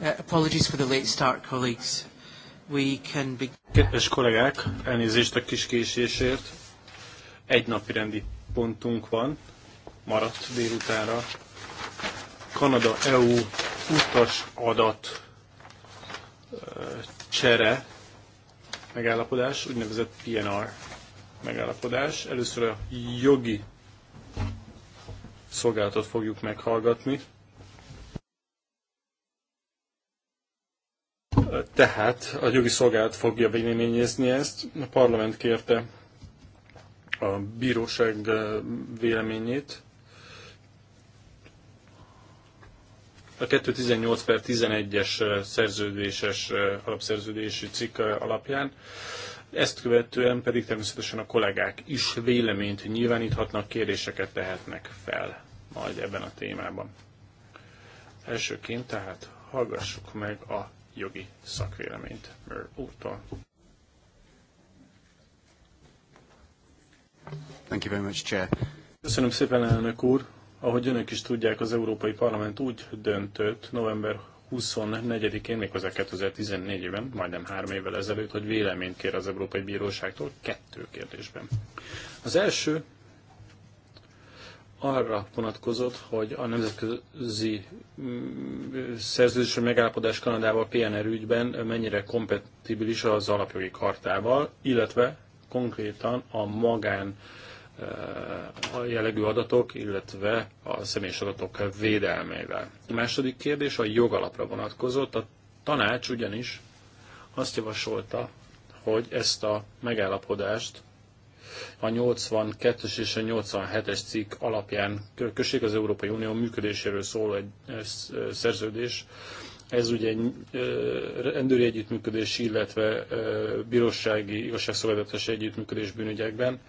Uh, apologies for the late start, colleagues. We can be... Kedves kollégák, elnézést a kis késésért. Egy napi rendi pontunk van, maradt délutánra. Kanada EU utas adat uh, csere megállapodás, úgynevezett PNR megállapodás. Először a jogi szolgálatot fogjuk meghallgatni. Tehát a jogi szolgálat fogja véleményezni ezt. A parlament kérte a bíróság véleményét. A 218 per 11-es szerződéses alapszerződési cikk alapján ezt követően pedig természetesen a kollégák is véleményt nyilváníthatnak, kérdéseket tehetnek fel majd ebben a témában. Elsőként tehát hallgassuk meg a jogi szakvéleményt Mör úrtól. Thank you very much, Chair. Köszönöm szépen, elnök úr. Ahogy önök is tudják, az Európai Parlament úgy döntött november 24-én, méghozzá 2014-ben, majdnem három évvel ezelőtt, hogy véleményt kér az Európai Bíróságtól kettő kérdésben. Az első arra vonatkozott, hogy a nemzetközi mm, szerződés megállapodás Kanadával PNR ügyben mennyire kompatibilis az alapjogi kartával, illetve konkrétan a magán eh, a jellegű adatok, illetve a személyes adatok védelmével. A második kérdés a jogalapra vonatkozott. A tanács ugyanis azt javasolta, hogy ezt a megállapodást a 82-es és a 87-es cikk alapján kössék az Európai Unió működéséről szól egy szerződés. Ez ugye egy rendőri együttműködés, illetve bírósági igazságszolgáltatási együttműködés bűnügyekben.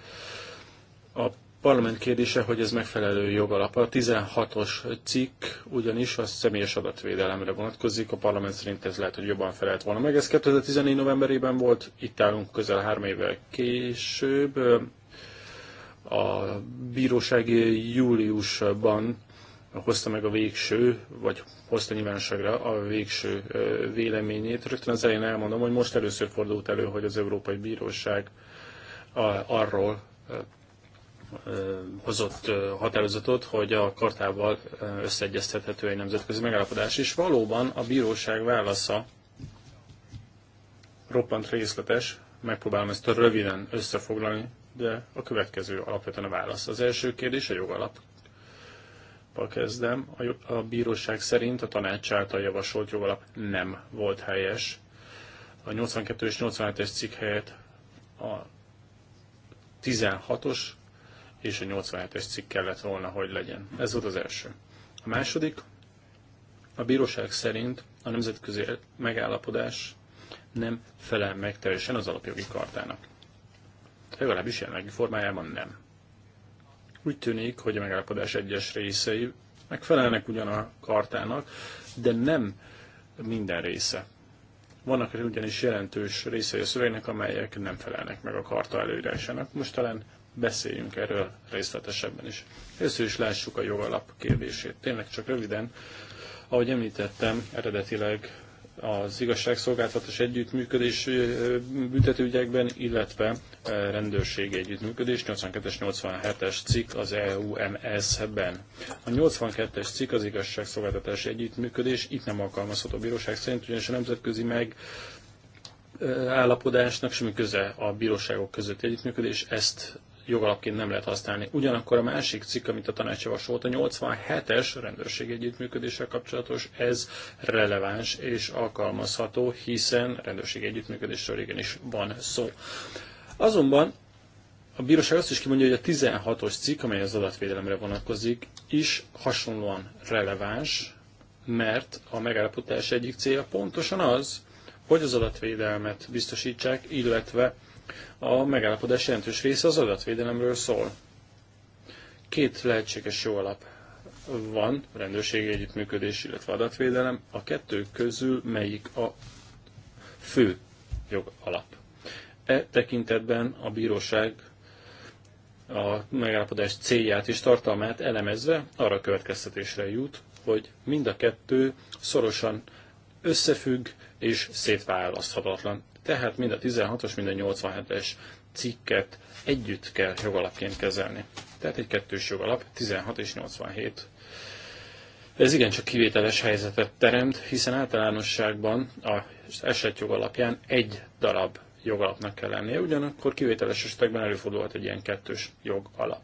A parlament kérdése, hogy ez megfelelő jogalap. A 16-os cikk ugyanis a személyes adatvédelemre vonatkozik, a parlament szerint ez lehet, hogy jobban felelt volna meg. Ez 2014 novemberében volt, itt állunk közel három évvel később. A bíróság júliusban hozta meg a végső, vagy hozta nyilvánosságra a végső véleményét. Rögtön az elején elmondom, hogy most először fordult elő, hogy az Európai Bíróság arról hozott határozatot, hogy a kartával összeegyeztethető egy nemzetközi megállapodás. És valóban a bíróság válasza roppant részletes, megpróbálom ezt röviden összefoglalni, de a következő alapvetően a válasz. Az első kérdés a jogalap. Kezdem. A bíróság szerint a tanács által javasolt jogalap nem volt helyes. A 82 és 87-es cikk helyett a 16-os és a 87-es cikk kellett volna, hogy legyen. Ez volt az első. A második, a bíróság szerint a nemzetközi megállapodás nem felel meg teljesen az alapjogi kartának. Legalábbis jelenlegi formájában nem. Úgy tűnik, hogy a megállapodás egyes részei megfelelnek ugyan a kartának, de nem minden része. Vannak ugyanis jelentős részei a szövegnek, amelyek nem felelnek meg a karta előírásának. Most talán beszéljünk erről részletesebben is. Először is lássuk a jogalap kérdését. Tényleg csak röviden, ahogy említettem, eredetileg az igazságszolgáltatás együttműködés büntetőügyekben, illetve rendőrségi együttműködés 82-es 87-es cikk az EUMS-ben. A 82-es cikk az igazságszolgáltatás együttműködés itt nem alkalmazható a bíróság szerint, ugyanis a nemzetközi meg állapodásnak semmi köze a bíróságok közötti együttműködés, ezt jogalapként nem lehet használni. Ugyanakkor a másik cikk, amit a tanács javasolt, a 87-es rendőrségi együttműködéssel kapcsolatos, ez releváns és alkalmazható, hiszen rendőrségi együttműködésről igenis van szó. Azonban a bíróság azt is kimondja, hogy a 16-os cikk, amely az adatvédelemre vonatkozik, is hasonlóan releváns, mert a megállapodás egyik célja pontosan az, hogy az adatvédelmet biztosítsák, illetve a megállapodás jelentős része az adatvédelemről szól. Két lehetséges jó alap van, rendőrségi együttműködés, illetve adatvédelem. A kettő közül melyik a fő jogalap? E tekintetben a bíróság a megállapodás célját és tartalmát elemezve arra következtetésre jut, hogy mind a kettő szorosan összefügg és szétválaszthatatlan tehát mind a 16-os, mind a 87-es cikket együtt kell jogalapként kezelni. Tehát egy kettős jogalap, 16 és 87. Ez igencsak kivételes helyzetet teremt, hiszen általánosságban az esetjog alapján egy darab jogalapnak kell lennie, ugyanakkor kivételes esetekben előfordulhat egy ilyen kettős jogalap.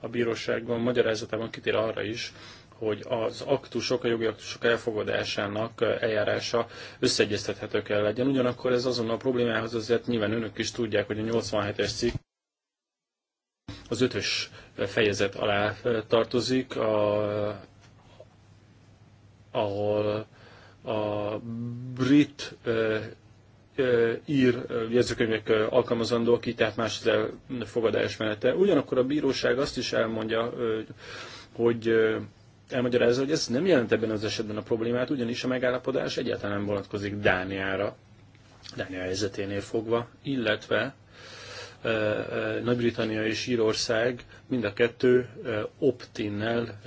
A bíróságban magyarázatában kitér arra is, hogy az aktusok, a jogi aktusok elfogadásának eh, eljárása összeegyeztethető kell legyen. Ugyanakkor ez azon a problémához azért nyilván önök is tudják, hogy a 87-es cikk az ötös eh, fejezet alá eh, tartozik, a, ahol a brit ír jegyzőkönyvek alkalmazandó ki, tehát más az elfogadás menete. Ugyanakkor a bíróság azt is elmondja, hogy elmagyarázza, hogy ez nem jelent ebben az esetben a problémát, ugyanis a megállapodás egyáltalán nem vonatkozik Dániára, Dánia helyzeténél fogva, illetve nagy-Britannia és Írország mind a kettő optinnel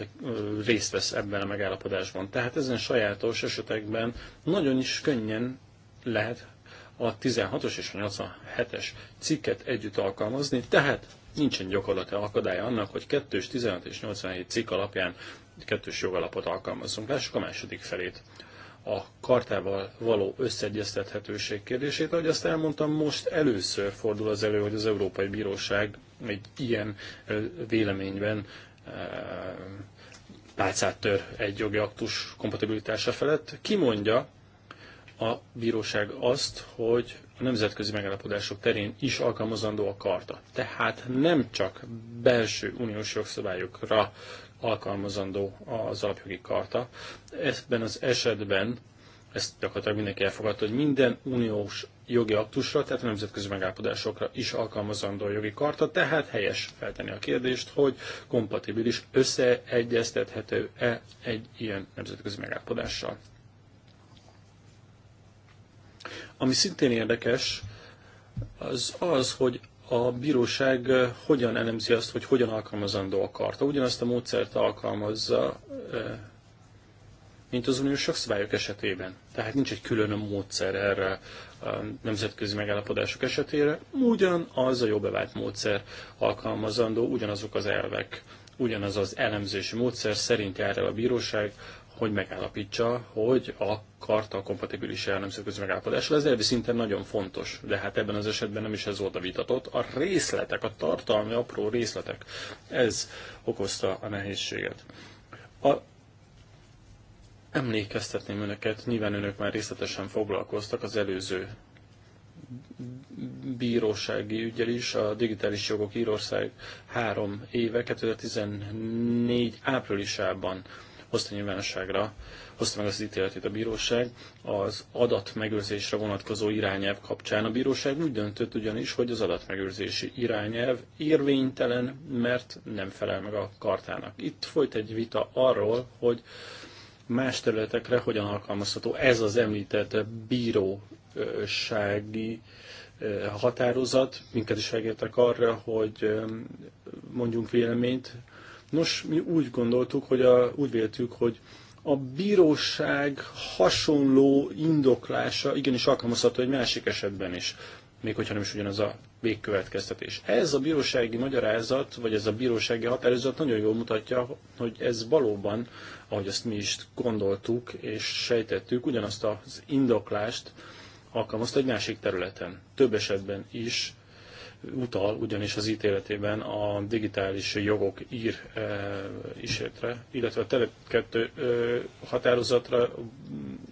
részt vesz ebben a megállapodásban. Tehát ezen sajátos esetekben nagyon is könnyen lehet a 16-os és a 87-es cikket együtt alkalmazni, tehát nincsen gyakorlati akadálya annak, hogy 2 16 és 87 cikk alapján kettős jogalapot alkalmazzunk. Lássuk a második felét a kartával való összeegyeztethetőség kérdését. Ahogy azt elmondtam, most először fordul az elő, hogy az Európai Bíróság egy ilyen véleményben pálcát tör egy jogi aktus kompatibilitása felett. Kimondja a bíróság azt, hogy a nemzetközi megállapodások terén is alkalmazandó a karta. Tehát nem csak belső uniós jogszabályokra alkalmazandó az alapjogi karta. Ebben az esetben ezt gyakorlatilag mindenki elfogadta, hogy minden uniós jogi aktusra, tehát a nemzetközi megállapodásokra is alkalmazandó a jogi karta, tehát helyes feltenni a kérdést, hogy kompatibilis, összeegyeztethető-e egy ilyen nemzetközi megállapodással. Ami szintén érdekes, az az, hogy a bíróság eh, hogyan elemzi azt, hogy hogyan alkalmazandó a karta. Ugyanazt a módszert alkalmazza, eh, mint az uniós jogszabályok esetében. Tehát nincs egy külön módszer erre a nemzetközi megállapodások esetére. Ugyanaz a jó bevált módszer alkalmazandó, ugyanazok az elvek, ugyanaz az elemzési módszer szerint jár el a bíróság hogy megállapítsa, hogy a karta kompatibilis -e a nemzetközi megállapodással. Ez elvi szinten nagyon fontos, de hát ebben az esetben nem is ez volt a vitatott. A részletek, a tartalmi apró részletek, ez okozta a nehézséget. A Emlékeztetném önöket, nyilván önök már részletesen foglalkoztak az előző bírósági ügyel is, a digitális jogok Írország három éve, 2014 áprilisában hozta nyilvánosságra, hozta meg az ítéletét a bíróság, az adatmegőrzésre vonatkozó irányelv kapcsán. A bíróság úgy döntött ugyanis, hogy az adatmegőrzési irányelv érvénytelen, mert nem felel meg a kartának. Itt folyt egy vita arról, hogy más területekre hogyan alkalmazható ez az említett bírósági határozat. Minket is megértek arra, hogy mondjunk véleményt, Nos, mi úgy gondoltuk, hogy a, úgy véltük, hogy a bíróság hasonló indoklása igenis alkalmazható egy másik esetben is, még hogyha nem is ugyanaz a végkövetkeztetés. Ez a bírósági magyarázat, vagy ez a bírósági határozat nagyon jól mutatja, hogy ez valóban, ahogy azt mi is gondoltuk és sejtettük, ugyanazt az indoklást alkalmazta egy másik területen. Több esetben is utal ugyanis az ítéletében a digitális jogok ír e, isétre, illetve a Telep e, határozatra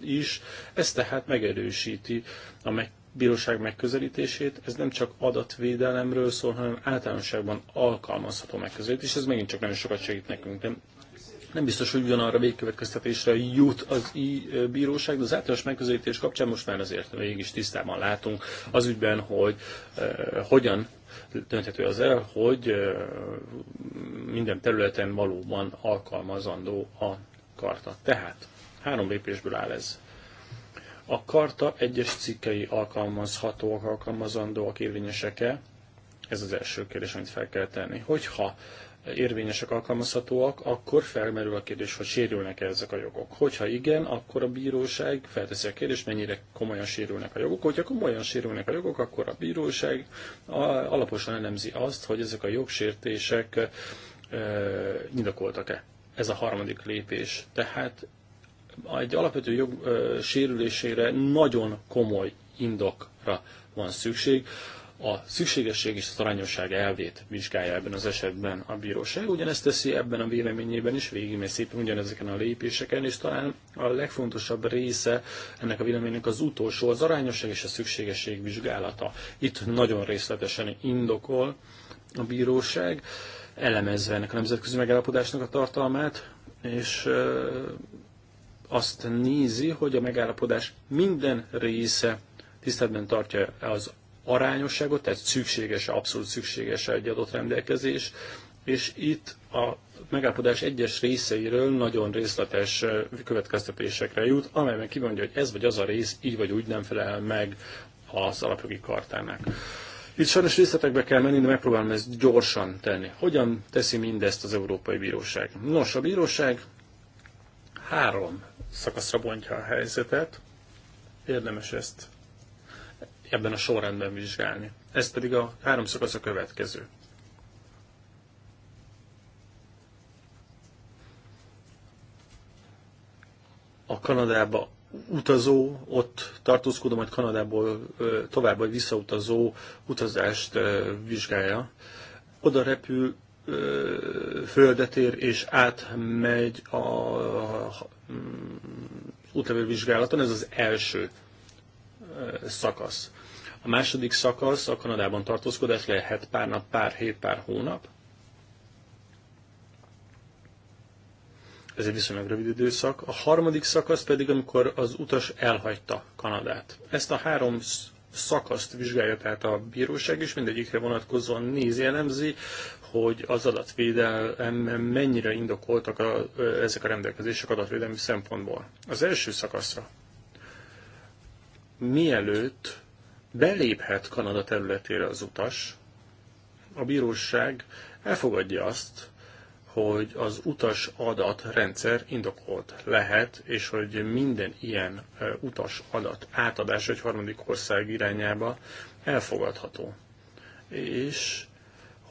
is. Ez tehát megerősíti a meg, bíróság megközelítését. Ez nem csak adatvédelemről szól, hanem általánosságban alkalmazható megközelítés. Ez megint csak nagyon sokat segít nekünk, nem nem biztos, hogy ugyanarra végkövetkeztetésre jut az i bíróság, de az általános megközelítés kapcsán most már azért is tisztában látunk az ügyben, hogy uh, hogyan dönthető az el, hogy uh, minden területen valóban alkalmazandó a karta. Tehát három lépésből áll ez. A karta egyes cikkei alkalmazhatóak, alkalmazandóak, érvényesek-e? Ez az első kérdés, amit fel kell tenni. Hogyha érvényesek, alkalmazhatóak, akkor felmerül a kérdés, hogy sérülnek-e ezek a jogok. Hogyha igen, akkor a bíróság felteszi a kérdést, mennyire komolyan sérülnek a jogok. Hogyha komolyan sérülnek a jogok, akkor a bíróság alaposan elemzi azt, hogy ezek a jogsértések e, indokoltak-e. Ez a harmadik lépés. Tehát egy alapvető jog e, sérülésére nagyon komoly indokra van szükség a szükségesség és az arányosság elvét vizsgálja ebben az esetben a bíróság. Ugyanezt teszi ebben a véleményében is, végigmegy szépen ugyanezeken a lépéseken, és talán a legfontosabb része ennek a véleménynek az utolsó, az arányosság és a szükségesség vizsgálata. Itt nagyon részletesen indokol a bíróság, elemezve ennek a nemzetközi megállapodásnak a tartalmát, és azt nézi, hogy a megállapodás minden része tiszteletben tartja az arányosságot, tehát szükséges, abszolút szükséges egy adott rendelkezés, és itt a megállapodás egyes részeiről nagyon részletes következtetésekre jut, amelyben kimondja, hogy ez vagy az a rész így vagy úgy nem felel meg az alapjogi kartának. Itt sajnos részletekbe kell menni, de megpróbálom ezt gyorsan tenni. Hogyan teszi mindezt az Európai Bíróság? Nos, a bíróság három szakaszra bontja a helyzetet. Érdemes ezt ebben a sorrendben vizsgálni. Ez pedig a három szakasz a következő. A Kanadába utazó, ott tartózkodó, majd Kanadából tovább vagy visszautazó utazást vizsgálja. Oda repül, földet ér és átmegy a vizsgálaton. ez az első szakasz. A második szakasz a Kanadában tartózkodás lehet pár nap, pár hét, pár hónap. Ez egy viszonylag rövid időszak. A harmadik szakasz pedig, amikor az utas elhagyta Kanadát. Ezt a három szakaszt vizsgálja tehát a bíróság, is, mindegyikre vonatkozóan nézi, elemzi, hogy az adatvédelemben mennyire indokoltak a, ezek a rendelkezések adatvédelmi szempontból. Az első szakaszra mielőtt beléphet Kanada területére az utas, a bíróság elfogadja azt, hogy az utas adat rendszer indokolt lehet, és hogy minden ilyen utas adat átadás egy harmadik ország irányába elfogadható. És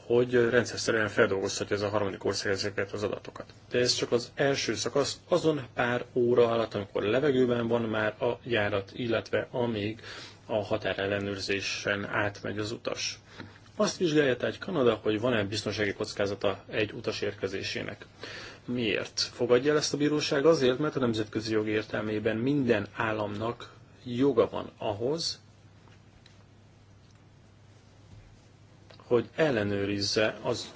hogy rendszerszerűen feldolgozhatja ez a harmadik ország ezeket az adatokat. De ez csak az első szakasz, azon pár óra alatt, amikor levegőben van már a járat, illetve amíg a határellenőrzésen átmegy az utas. Azt vizsgálja tehát Kanada, hogy van-e biztonsági kockázata egy utas érkezésének. Miért? Fogadja el ezt a bíróság azért, mert a nemzetközi jog értelmében minden államnak joga van ahhoz, hogy ellenőrizze az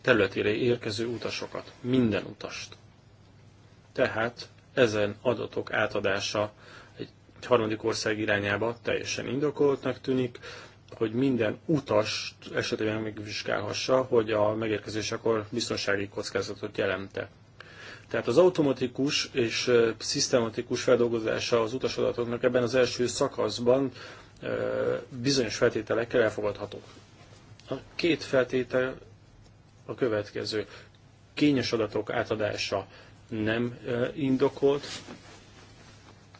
területére érkező utasokat, minden utast. Tehát ezen adatok átadása egy harmadik ország irányába teljesen indokoltnak tűnik, hogy minden utas esetében megvizsgálhassa, hogy a megérkezésekor biztonsági kockázatot jelente. Tehát az automatikus és szisztematikus feldolgozása az utasadatoknak ebben az első szakaszban bizonyos feltételekkel elfogadható. A két feltétel a következő. Kényes adatok átadása nem indokolt,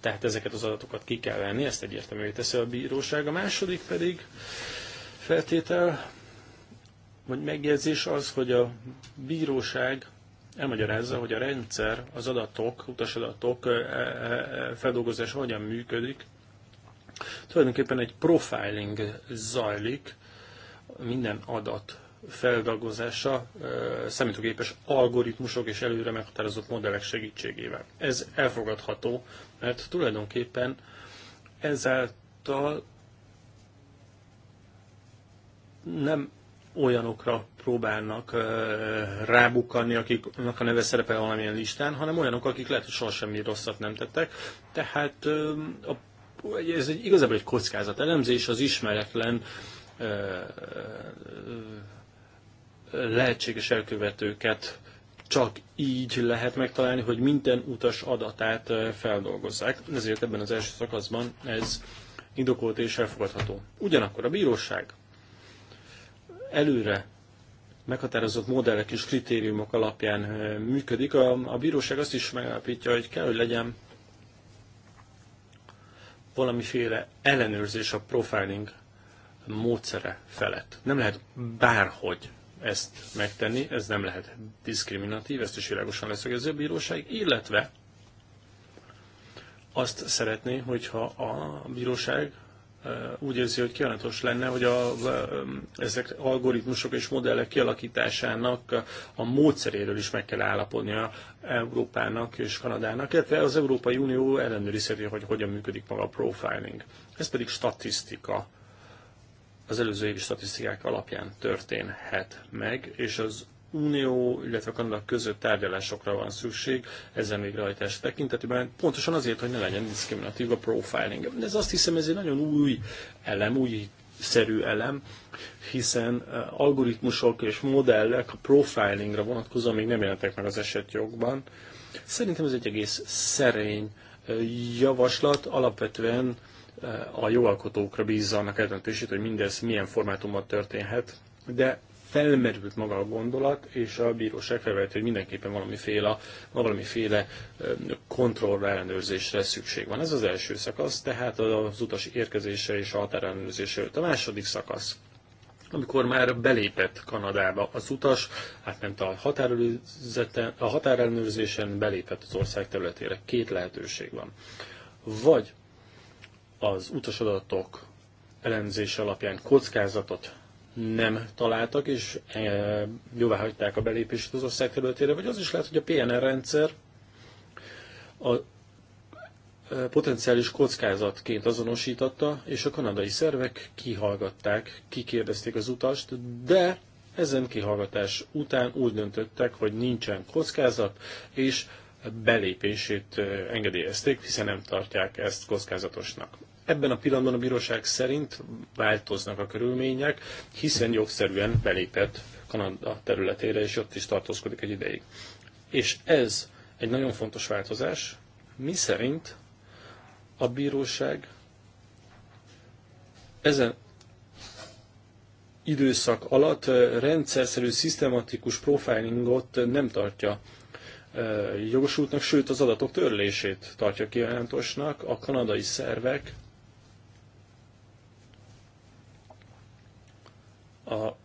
tehát ezeket az adatokat ki kell venni, ezt egyértelművé teszi a bíróság. A második pedig feltétel, vagy megjegyzés az, hogy a bíróság elmagyarázza, hogy a rendszer, az adatok, utasadatok feldolgozása hogyan működik. Tulajdonképpen egy profiling zajlik, minden adat feldolgozása számítógépes algoritmusok és előre meghatározott modellek segítségével. Ez elfogadható, mert tulajdonképpen ezáltal nem olyanokra próbálnak rábukkanni, akiknek a neve szerepel valamilyen listán, hanem olyanok, akik lehet, hogy soha semmi rosszat nem tettek. Tehát ez egy, igazából egy kockázat elemzés, az ismeretlen lehetséges elkövetőket csak így lehet megtalálni, hogy minden utas adatát feldolgozzák. Ezért ebben az első szakaszban ez indokolt és elfogadható. Ugyanakkor a bíróság előre meghatározott modellek és kritériumok alapján működik. A, a bíróság azt is megállapítja, hogy kell, hogy legyen valamiféle ellenőrzés a profiling módszere felett. Nem lehet bárhogy ezt megtenni, ez nem lehet diszkriminatív, ezt is világosan leszögező bíróság, illetve azt szeretné, hogyha a bíróság úgy érzi, hogy kívánatos lenne, hogy a, ezek algoritmusok és modellek kialakításának a módszeréről is meg kell állapodnia Európának és Kanadának, illetve az Európai Unió ellenőrizheti, hogy hogyan működik maga a profiling. Ez pedig statisztika az előző évi statisztikák alapján történhet meg, és az Unió, illetve Kanada között tárgyalásokra van szükség ezen rajtás tekintetében, pontosan azért, hogy ne legyen diszkriminatív a profiling. Ez azt hiszem, ez egy nagyon új elem, új szerű elem, hiszen eh, algoritmusok és modellek a profilingra vonatkozóan még nem jelentek meg az esetjogban. Szerintem ez egy egész szerény eh, javaslat, alapvetően a jogalkotókra bízza annak eldöntését, hogy mindez milyen formátumban történhet, de felmerült maga a gondolat, és a bíróság felvett, hogy mindenképpen valamiféle, valamiféle kontrollra ellenőrzésre szükség van. Ez az első szakasz, tehát az utas érkezése és a határellenőrzése előtt. A második szakasz, amikor már belépett Kanadába az utas, átment a, a határellenőrzésen, belépett az ország területére. Két lehetőség van. Vagy az utasadatok elemzése alapján kockázatot nem találtak, és e, jóvá hagyták a belépést az ország területére, vagy az is lehet, hogy a PNR rendszer a e, potenciális kockázatként azonosította, és a kanadai szervek kihallgatták, kikérdezték az utast, de ezen kihallgatás után úgy döntöttek, hogy nincsen kockázat, és belépését e, engedélyezték, hiszen nem tartják ezt kockázatosnak. Ebben a pillanatban a bíróság szerint változnak a körülmények, hiszen jogszerűen belépett Kanada területére, és ott is tartózkodik egy ideig. És ez egy nagyon fontos változás, mi szerint a bíróság ezen időszak alatt rendszerszerű, szisztematikus profilingot nem tartja jogosultnak, sőt az adatok törlését tartja kívántosnak. A kanadai szervek a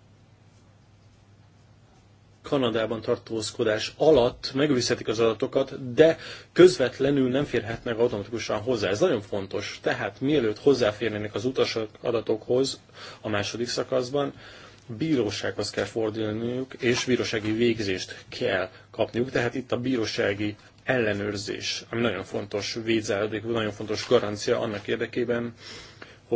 Kanadában tartózkodás alatt megőrizhetik az adatokat, de közvetlenül nem férhetnek automatikusan hozzá. Ez nagyon fontos. Tehát mielőtt hozzáférnének az utas adatokhoz a második szakaszban, bírósághoz kell fordulniuk, és bírósági végzést kell kapniuk. Tehát itt a bírósági ellenőrzés, ami nagyon fontos védzáradék, nagyon fontos garancia annak érdekében,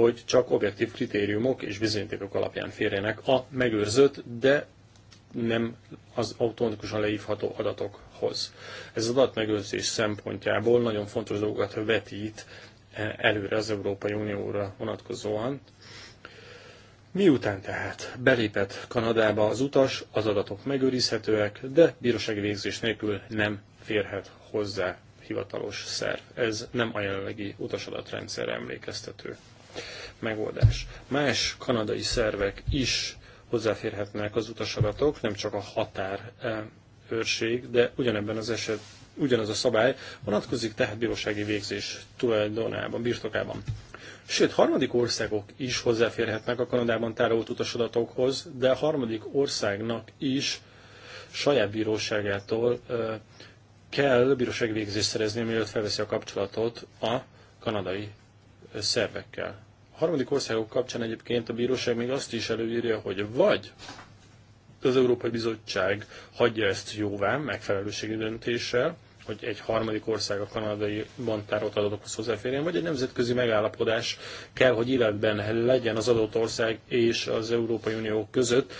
hogy csak objektív kritériumok és bizonyítékok alapján férjenek a megőrzött, de nem az automatikusan leívható adatokhoz. Ez az adatmegőrzés szempontjából nagyon fontos dolgokat vetít eh, előre az Európai Unióra vonatkozóan. Miután tehát belépett Kanadába az utas, az adatok megőrizhetőek, de bírósági végzés nélkül nem férhet hozzá hivatalos szerv. Ez nem a jelenlegi utasadatrendszerre emlékeztető megoldás. Más kanadai szervek is hozzáférhetnek az utasadatok, nem csak a határ eh, őrség, de ugyanebben az eset, ugyanaz a szabály vonatkozik tehát bírósági végzés tulajdonában, birtokában. Sőt, harmadik országok is hozzáférhetnek a Kanadában tárolt utasadatokhoz, de a harmadik országnak is saját bíróságától eh, kell bírósági végzést szerezni, mielőtt felveszi a kapcsolatot a kanadai eh, szervekkel harmadik országok kapcsán egyébként a bíróság még azt is előírja, hogy vagy az Európai Bizottság hagyja ezt jóvá megfelelőségi döntéssel, hogy egy harmadik ország a kanadai tárolt adatokhoz hozzáférjen, vagy egy nemzetközi megállapodás kell, hogy életben legyen az adott ország és az Európai Unió között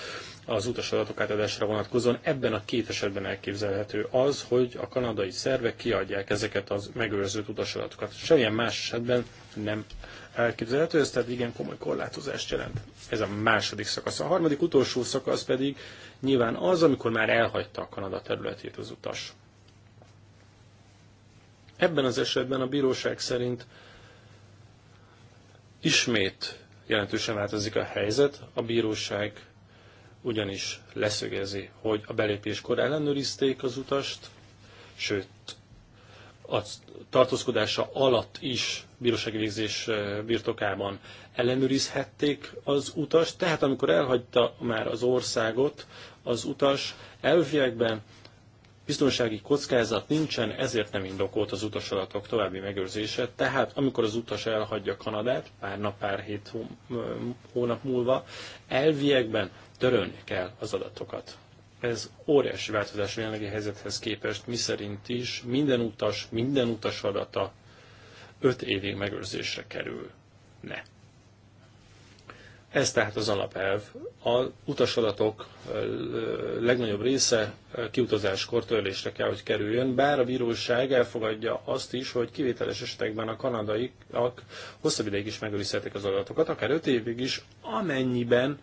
az utas adatok átadásra vonatkozóan. Ebben a két esetben elképzelhető az, hogy a kanadai szervek kiadják ezeket az megőrzött adatokat. Semmilyen más esetben nem elképzelhető, ez tehát igen komoly korlátozást jelent. Ez a második szakasz. A harmadik utolsó szakasz pedig nyilván az, amikor már elhagyta a Kanada területét az utas. Ebben az esetben a bíróság szerint ismét jelentősen változik a helyzet. A bíróság ugyanis leszögezi, hogy a belépéskor ellenőrizték az utast, sőt, a tartózkodása alatt is bírósági végzés eh, birtokában ellenőrizhették az utas, tehát amikor elhagyta már az országot, az utas elviekben biztonsági kockázat nincsen, ezért nem indokolt az utasadatok további megőrzése. Tehát amikor az utas elhagyja Kanadát, pár nap, pár hét hónap múlva, elviekben törölni kell az adatokat. Ez óriási változás a jelenlegi helyzethez képest, mi szerint is minden utas, minden utas adata 5 évig megőrzésre kerül. Ne. Ez tehát az alapelv. A utasadatok legnagyobb része kiutazáskor törlésre kell, hogy kerüljön, bár a bíróság elfogadja azt is, hogy kivételes esetekben a kanadaiak hosszabb ideig is megőrizhetik az adatokat, akár 5 évig is, amennyiben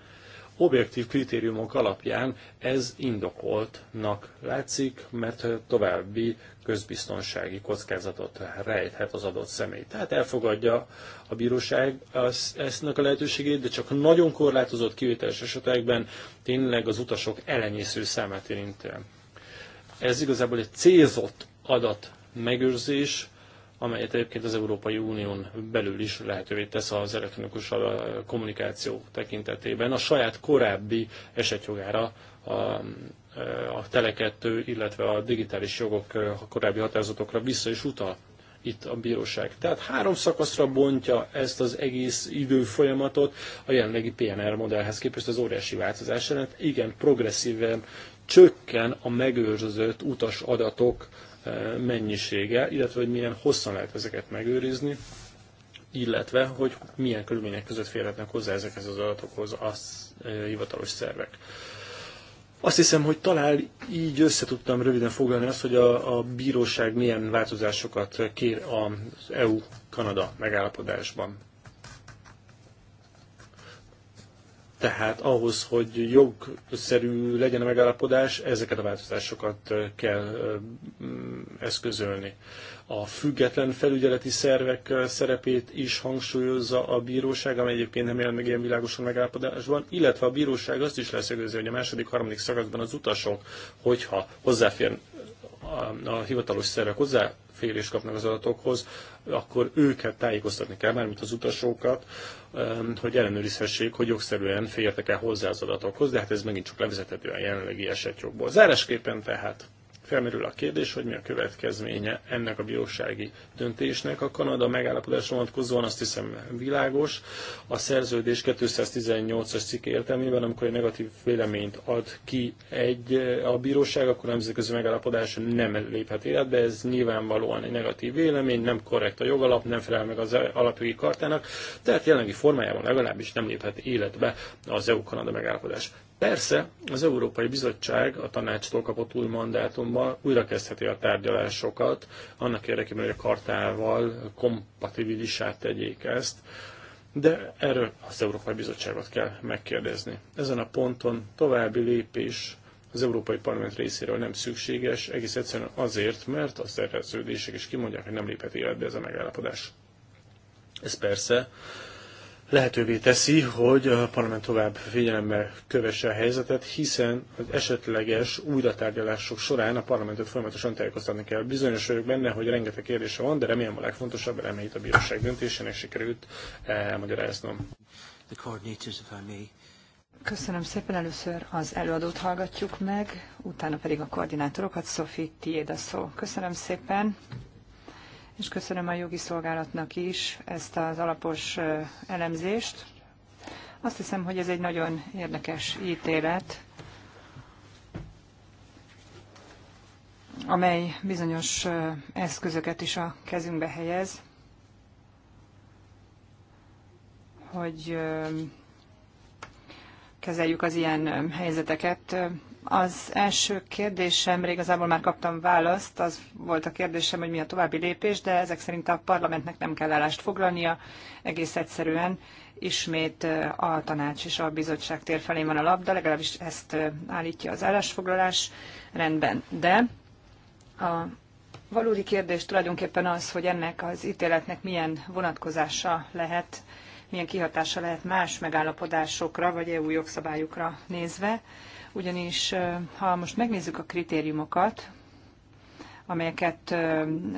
objektív kritériumok alapján ez indokoltnak látszik, mert további közbiztonsági kockázatot rejthet az adott személy. Tehát elfogadja a bíróság ezt a lehetőségét, de csak nagyon korlátozott kivételes esetekben tényleg az utasok elenyésző számát érintően. Ez igazából egy célzott adat megőrzés, amelyet egyébként az Európai Unión belül is lehetővé tesz az elektronikus kommunikáció tekintetében a saját korábbi esetjogára a, a telekettő, illetve a digitális jogok a korábbi határozatokra vissza is utal itt a bíróság. Tehát három szakaszra bontja ezt az egész időfolyamatot a jelenlegi PNR modellhez képest az óriási változás jelent. Igen, progresszíven csökken a megőrzött utas adatok mennyisége, illetve hogy milyen hosszan lehet ezeket megőrizni, illetve hogy milyen körülmények között férhetnek hozzá ezekhez az adatokhoz a hivatalos szervek. Azt hiszem, hogy talán így össze tudtam röviden foglalni azt, hogy a, a bíróság milyen változásokat kér az EU-Kanada megállapodásban. Tehát ahhoz, hogy jogszerű legyen a megállapodás, ezeket a változásokat kell mm, eszközölni. A független felügyeleti szervek szerepét is hangsúlyozza a bíróság, amely egyébként nem jelent meg ilyen világosan megállapodásban, illetve a bíróság azt is leszögözi, hogy a második, harmadik szakaszban az utasok, hogyha a, a hivatalos szervek hozzá hozzáférés kapnak az adatokhoz, akkor őket tájékoztatni kell, mármint az utasokat, hogy ellenőrizhessék, hogy jogszerűen fértek-e hozzá az adatokhoz, de hát ez megint csak levezethető a jelenlegi esetjogból. Zárásképpen tehát felmerül a kérdés, hogy mi a következménye ennek a bírósági döntésnek. A Kanada megállapodásra vonatkozóan azt hiszem világos. A szerződés 218-as cikk értelmében, amikor egy negatív véleményt ad ki egy a bíróság, akkor a nemzetközi megállapodás nem léphet életbe. Ez nyilvánvalóan egy negatív vélemény, nem korrekt a jogalap, nem felel meg az alapjogi kartának, tehát jelenlegi formájában legalábbis nem léphet életbe az EU-Kanada megállapodás. Persze, az Európai Bizottság a tanácstól kapott új mandátummal újrakezdheti a tárgyalásokat, annak érdekében, hogy a kartával kompatibilissá tegyék ezt, de erről az Európai Bizottságot kell megkérdezni. Ezen a ponton további lépés az Európai Parlament részéről nem szükséges, egész egyszerűen azért, mert a szerveződések is kimondják, hogy nem léphet életbe ez a megállapodás. Ez persze lehetővé teszi, hogy a parlament tovább figyelemmel kövesse a helyzetet, hiszen az esetleges újratárgyalások során a parlamentet folyamatosan tájékoztatni kell. Bizonyos vagyok benne, hogy rengeteg kérdése van, de remélem a legfontosabb reményt a bíróság döntésének sikerült elmagyaráznom. Köszönöm szépen. Először az előadót hallgatjuk meg, utána pedig a koordinátorokat. Sophie, tiéd a szó. Köszönöm szépen és köszönöm a jogi szolgálatnak is ezt az alapos elemzést. Azt hiszem, hogy ez egy nagyon érdekes ítélet, amely bizonyos eszközöket is a kezünkbe helyez, hogy kezeljük az ilyen helyzeteket. Az első kérdésemre igazából már kaptam választ, az volt a kérdésem, hogy mi a további lépés, de ezek szerint a parlamentnek nem kell állást foglalnia, egész egyszerűen ismét a tanács és a bizottság tér felé van a labda, legalábbis ezt állítja az állásfoglalás, rendben. De a valódi kérdés tulajdonképpen az, hogy ennek az ítéletnek milyen vonatkozása lehet, milyen kihatása lehet más megállapodásokra, vagy EU jogszabályokra nézve, ugyanis ha most megnézzük a kritériumokat, amelyeket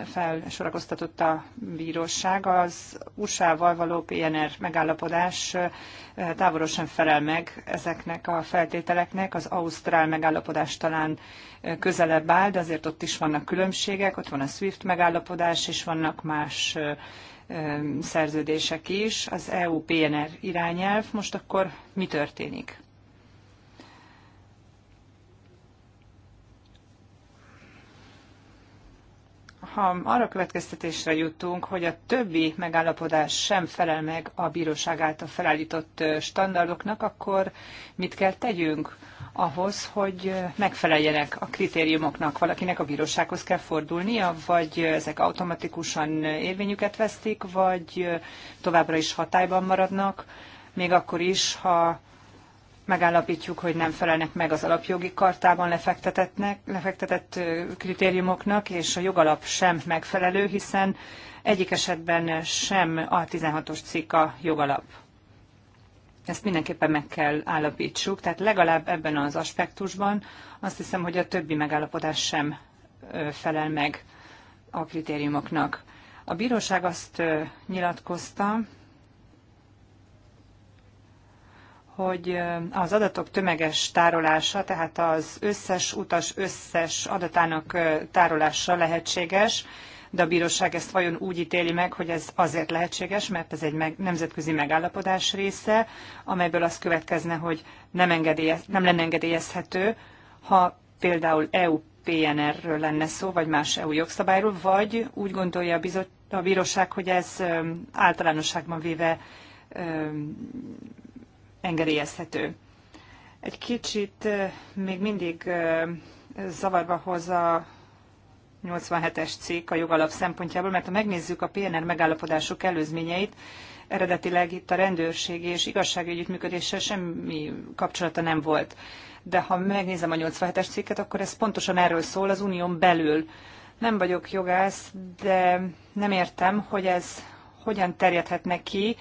felsorakoztatott a bíróság, az USA-val való PNR megállapodás távolról sem felel meg ezeknek a feltételeknek. Az Ausztrál megállapodás talán közelebb áll, de azért ott is vannak különbségek, ott van a SWIFT megállapodás, és vannak más szerződések is, az EU PNR irányelv. Most akkor mi történik? ha arra következtetésre jutunk, hogy a többi megállapodás sem felel meg a bíróság által felállított standardoknak, akkor mit kell tegyünk ahhoz, hogy megfeleljenek a kritériumoknak? Valakinek a bírósághoz kell fordulnia, vagy ezek automatikusan érvényüket vesztik, vagy továbbra is hatályban maradnak, még akkor is, ha megállapítjuk, hogy nem felelnek meg az alapjogi kartában lefektetett kritériumoknak, és a jogalap sem megfelelő, hiszen egyik esetben sem a 16-os cikk a jogalap. Ezt mindenképpen meg kell állapítsuk, tehát legalább ebben az aspektusban azt hiszem, hogy a többi megállapodás sem felel meg a kritériumoknak. A bíróság azt nyilatkozta, hogy az adatok tömeges tárolása, tehát az összes utas összes adatának tárolása lehetséges, de a bíróság ezt vajon úgy ítéli meg, hogy ez azért lehetséges, mert ez egy meg, nemzetközi megállapodás része, amelyből az következne, hogy nem, engedélyez, nem lenne engedélyezhető, ha például EU PNR-ről lenne szó, vagy más EU jogszabályról, vagy úgy gondolja a, bizot, a bíróság, hogy ez általánosságban véve engedélyezhető. Egy kicsit még mindig zavarba hoz a 87-es cikk a jogalap szempontjából, mert ha megnézzük a PNR megállapodások előzményeit, eredetileg itt a rendőrség és igazságügyi működéssel semmi kapcsolata nem volt. De ha megnézem a 87-es cikket, akkor ez pontosan erről szól az unión belül. Nem vagyok jogász, de nem értem, hogy ez hogyan terjedhetne ki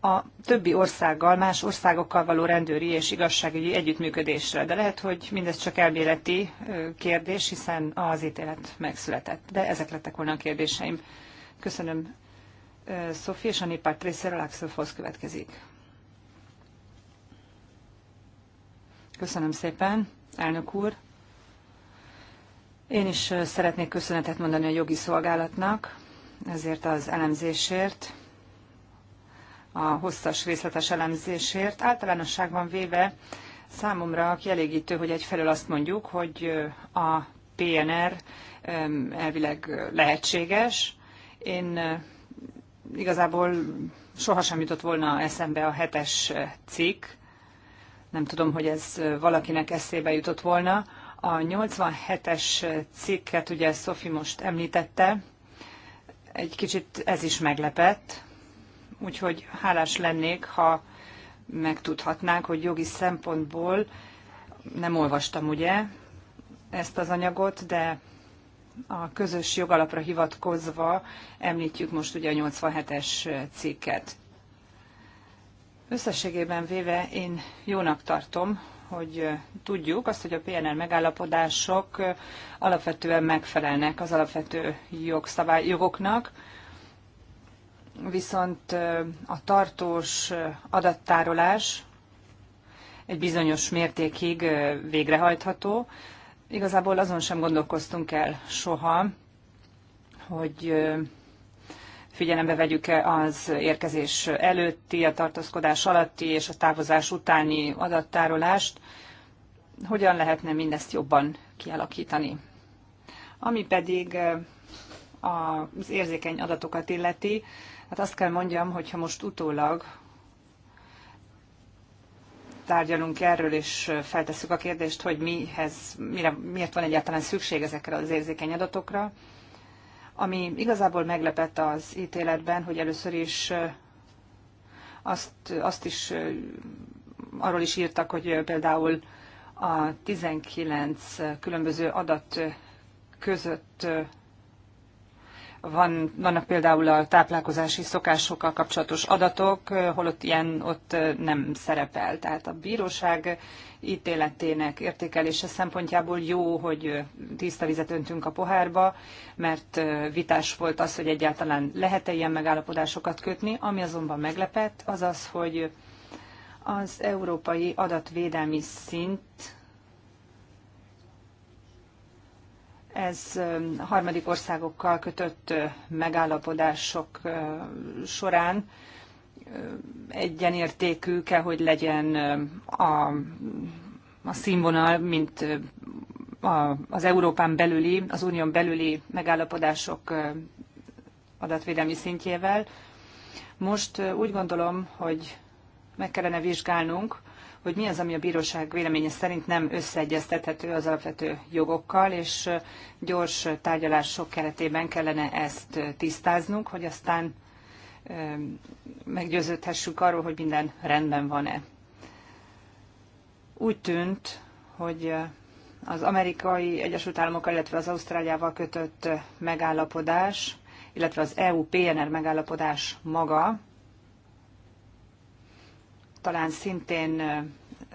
a többi országgal, más országokkal való rendőri és igazságügyi együttműködésre. De lehet, hogy mindez csak elméleti kérdés, hiszen az ítélet megszületett. De ezek lettek volna a kérdéseim. Köszönöm. Sophie és Anipar Tracer Axel következik. Köszönöm szépen, elnök úr. Én is szeretnék köszönetet mondani a jogi szolgálatnak ezért az elemzésért a hosszas részletes elemzésért. Általánosságban véve számomra kielégítő, hogy egyfelől azt mondjuk, hogy a PNR elvileg lehetséges. Én igazából sohasem jutott volna eszembe a hetes cikk, nem tudom, hogy ez valakinek eszébe jutott volna. A 87-es cikket ugye Szofi most említette, egy kicsit ez is meglepett, Úgyhogy hálás lennék, ha megtudhatnánk, hogy jogi szempontból nem olvastam ugye ezt az anyagot, de a közös jogalapra hivatkozva említjük most ugye a 87-es cikket. Összességében véve én jónak tartom, hogy tudjuk azt, hogy a PNR megállapodások alapvetően megfelelnek az alapvető jogszabály, jogoknak, viszont a tartós adattárolás egy bizonyos mértékig végrehajtható. Igazából azon sem gondolkoztunk el soha, hogy figyelembe vegyük-e az érkezés előtti, a tartózkodás alatti és a távozás utáni adattárolást, hogyan lehetne mindezt jobban kialakítani. Ami pedig az érzékeny adatokat illeti, Hát azt kell mondjam, hogy ha most utólag tárgyalunk erről, és feltesszük a kérdést, hogy mihez, mire, miért van egyáltalán szükség ezekre az érzékeny adatokra. Ami igazából meglepett az ítéletben, hogy először is azt, azt is arról is írtak, hogy például a 19 különböző adat között van, vannak például a táplálkozási szokásokkal kapcsolatos adatok, holott ilyen ott nem szerepel. Tehát a bíróság ítéletének értékelése szempontjából jó, hogy tiszta vizet öntünk a pohárba, mert vitás volt az, hogy egyáltalán lehet-e ilyen megállapodásokat kötni. Ami azonban meglepett, az az, hogy az európai adatvédelmi szint ez harmadik országokkal kötött megállapodások során egyenértékű kell, hogy legyen a, a színvonal, mint a, az Európán belüli, az unión belüli megállapodások adatvédelmi szintjével. Most úgy gondolom, hogy meg kellene vizsgálnunk, hogy mi az, ami a bíróság véleménye szerint nem összeegyeztethető az alapvető jogokkal, és gyors tárgyalások keretében kellene ezt tisztáznunk, hogy aztán meggyőződhessünk arról, hogy minden rendben van-e. Úgy tűnt, hogy az amerikai Egyesült Államokkal, illetve az Ausztráliával kötött megállapodás, illetve az EU-PNR megállapodás maga talán szintén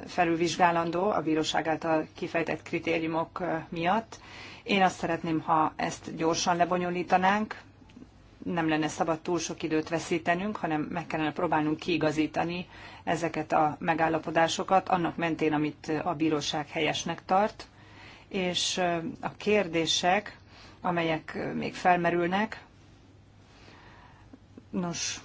felülvizsgálandó a bíróság által kifejtett kritériumok miatt. Én azt szeretném, ha ezt gyorsan lebonyolítanánk, nem lenne szabad túl sok időt veszítenünk, hanem meg kellene próbálnunk kiigazítani ezeket a megállapodásokat annak mentén, amit a bíróság helyesnek tart. És a kérdések, amelyek még felmerülnek, nos,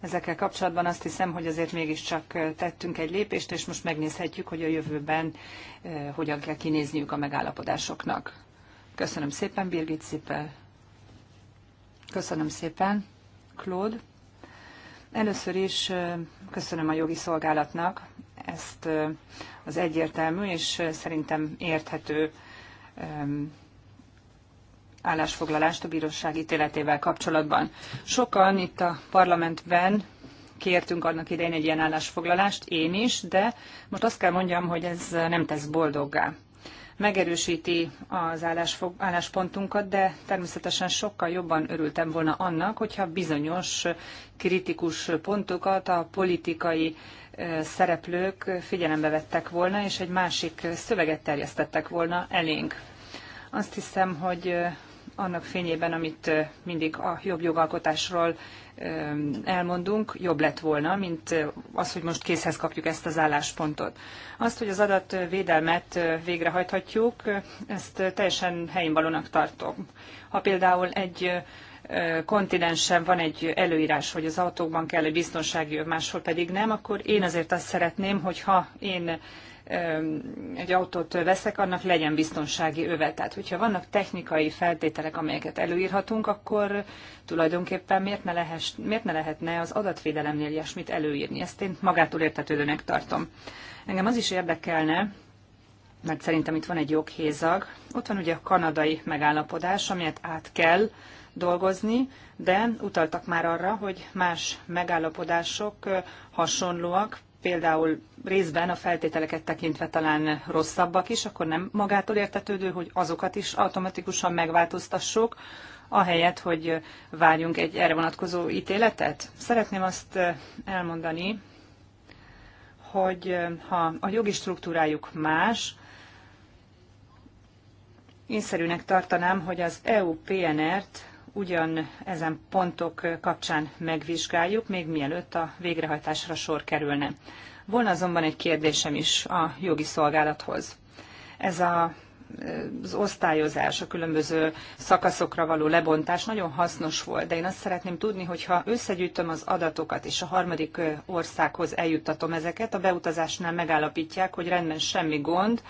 Ezekkel kapcsolatban azt hiszem, hogy azért mégiscsak tettünk egy lépést, és most megnézhetjük, hogy a jövőben hogyan kell kinézniük a megállapodásoknak. Köszönöm szépen, Birgit Szipel. Köszönöm szépen, Claude. Először is köszönöm a jogi szolgálatnak ezt az egyértelmű és szerintem érthető állásfoglalást a bíróság ítéletével kapcsolatban. Sokan itt a parlamentben kértünk annak idején egy ilyen állásfoglalást, én is, de most azt kell mondjam, hogy ez nem tesz boldoggá. Megerősíti az állásfog, álláspontunkat, de természetesen sokkal jobban örültem volna annak, hogyha bizonyos kritikus pontokat a politikai szereplők figyelembe vettek volna, és egy másik szöveget terjesztettek volna elénk. Azt hiszem, hogy annak fényében, amit mindig a jobb jogalkotásról elmondunk, jobb lett volna, mint az, hogy most készhez kapjuk ezt az álláspontot. Azt, hogy az adatvédelmet végrehajthatjuk, ezt teljesen helyénvalónak tartom. Ha például egy kontinensen van egy előírás, hogy az autókban kell egy biztonsági máshol pedig nem, akkor én azért azt szeretném, hogyha én egy autót veszek, annak legyen biztonsági öve. Tehát, hogyha vannak technikai feltételek, amelyeket előírhatunk, akkor tulajdonképpen miért ne, lehess, miért ne lehetne az adatvédelemnél ilyesmit előírni? Ezt én magától értetődőnek tartom. Engem az is érdekelne, mert szerintem itt van egy joghézag. Ott van ugye a kanadai megállapodás, amelyet át kell dolgozni, de utaltak már arra, hogy más megállapodások hasonlóak, például részben a feltételeket tekintve talán rosszabbak is, akkor nem magától értetődő, hogy azokat is automatikusan megváltoztassuk, ahelyett, hogy várjunk egy erre vonatkozó ítéletet? Szeretném azt eh, elmondani, hogy eh, ha a jogi struktúrájuk más, én szerűnek tartanám, hogy az EU PNR-t ugyan ezen pontok kapcsán megvizsgáljuk, még mielőtt a végrehajtásra sor kerülne. Volna azonban egy kérdésem is a jogi szolgálathoz. Ez a az osztályozás, a különböző szakaszokra való lebontás nagyon hasznos volt, de én azt szeretném tudni, hogy ha összegyűjtöm az adatokat, és a harmadik országhoz eljuttatom ezeket, a beutazásnál megállapítják, hogy rendben semmi gond,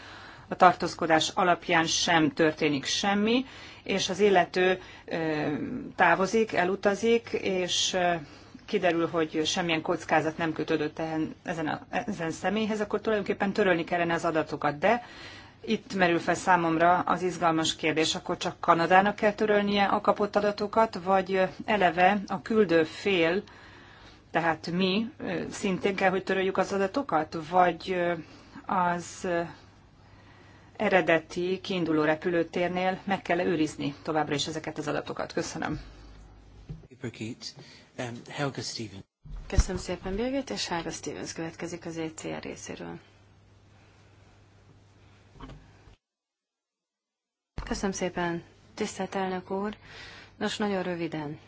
a tartózkodás alapján sem történik semmi, és az illető távozik, elutazik, és kiderül, hogy semmilyen kockázat nem kötődött ezen, a, ezen személyhez, akkor tulajdonképpen törölni kellene az adatokat. De itt merül fel számomra az izgalmas kérdés, akkor csak Kanadának kell törölnie a kapott adatokat, vagy eleve a küldő fél, tehát mi szintén kell, hogy töröljük az adatokat, vagy az eredeti kiinduló repülőtérnél meg kell őrizni továbbra is ezeket az adatokat. Köszönöm. Um, Köszönöm szépen, Birgit, és Helga Stevens következik az ECR részéről. Köszönöm szépen, tisztelt elnök úr. Nos, nagyon röviden.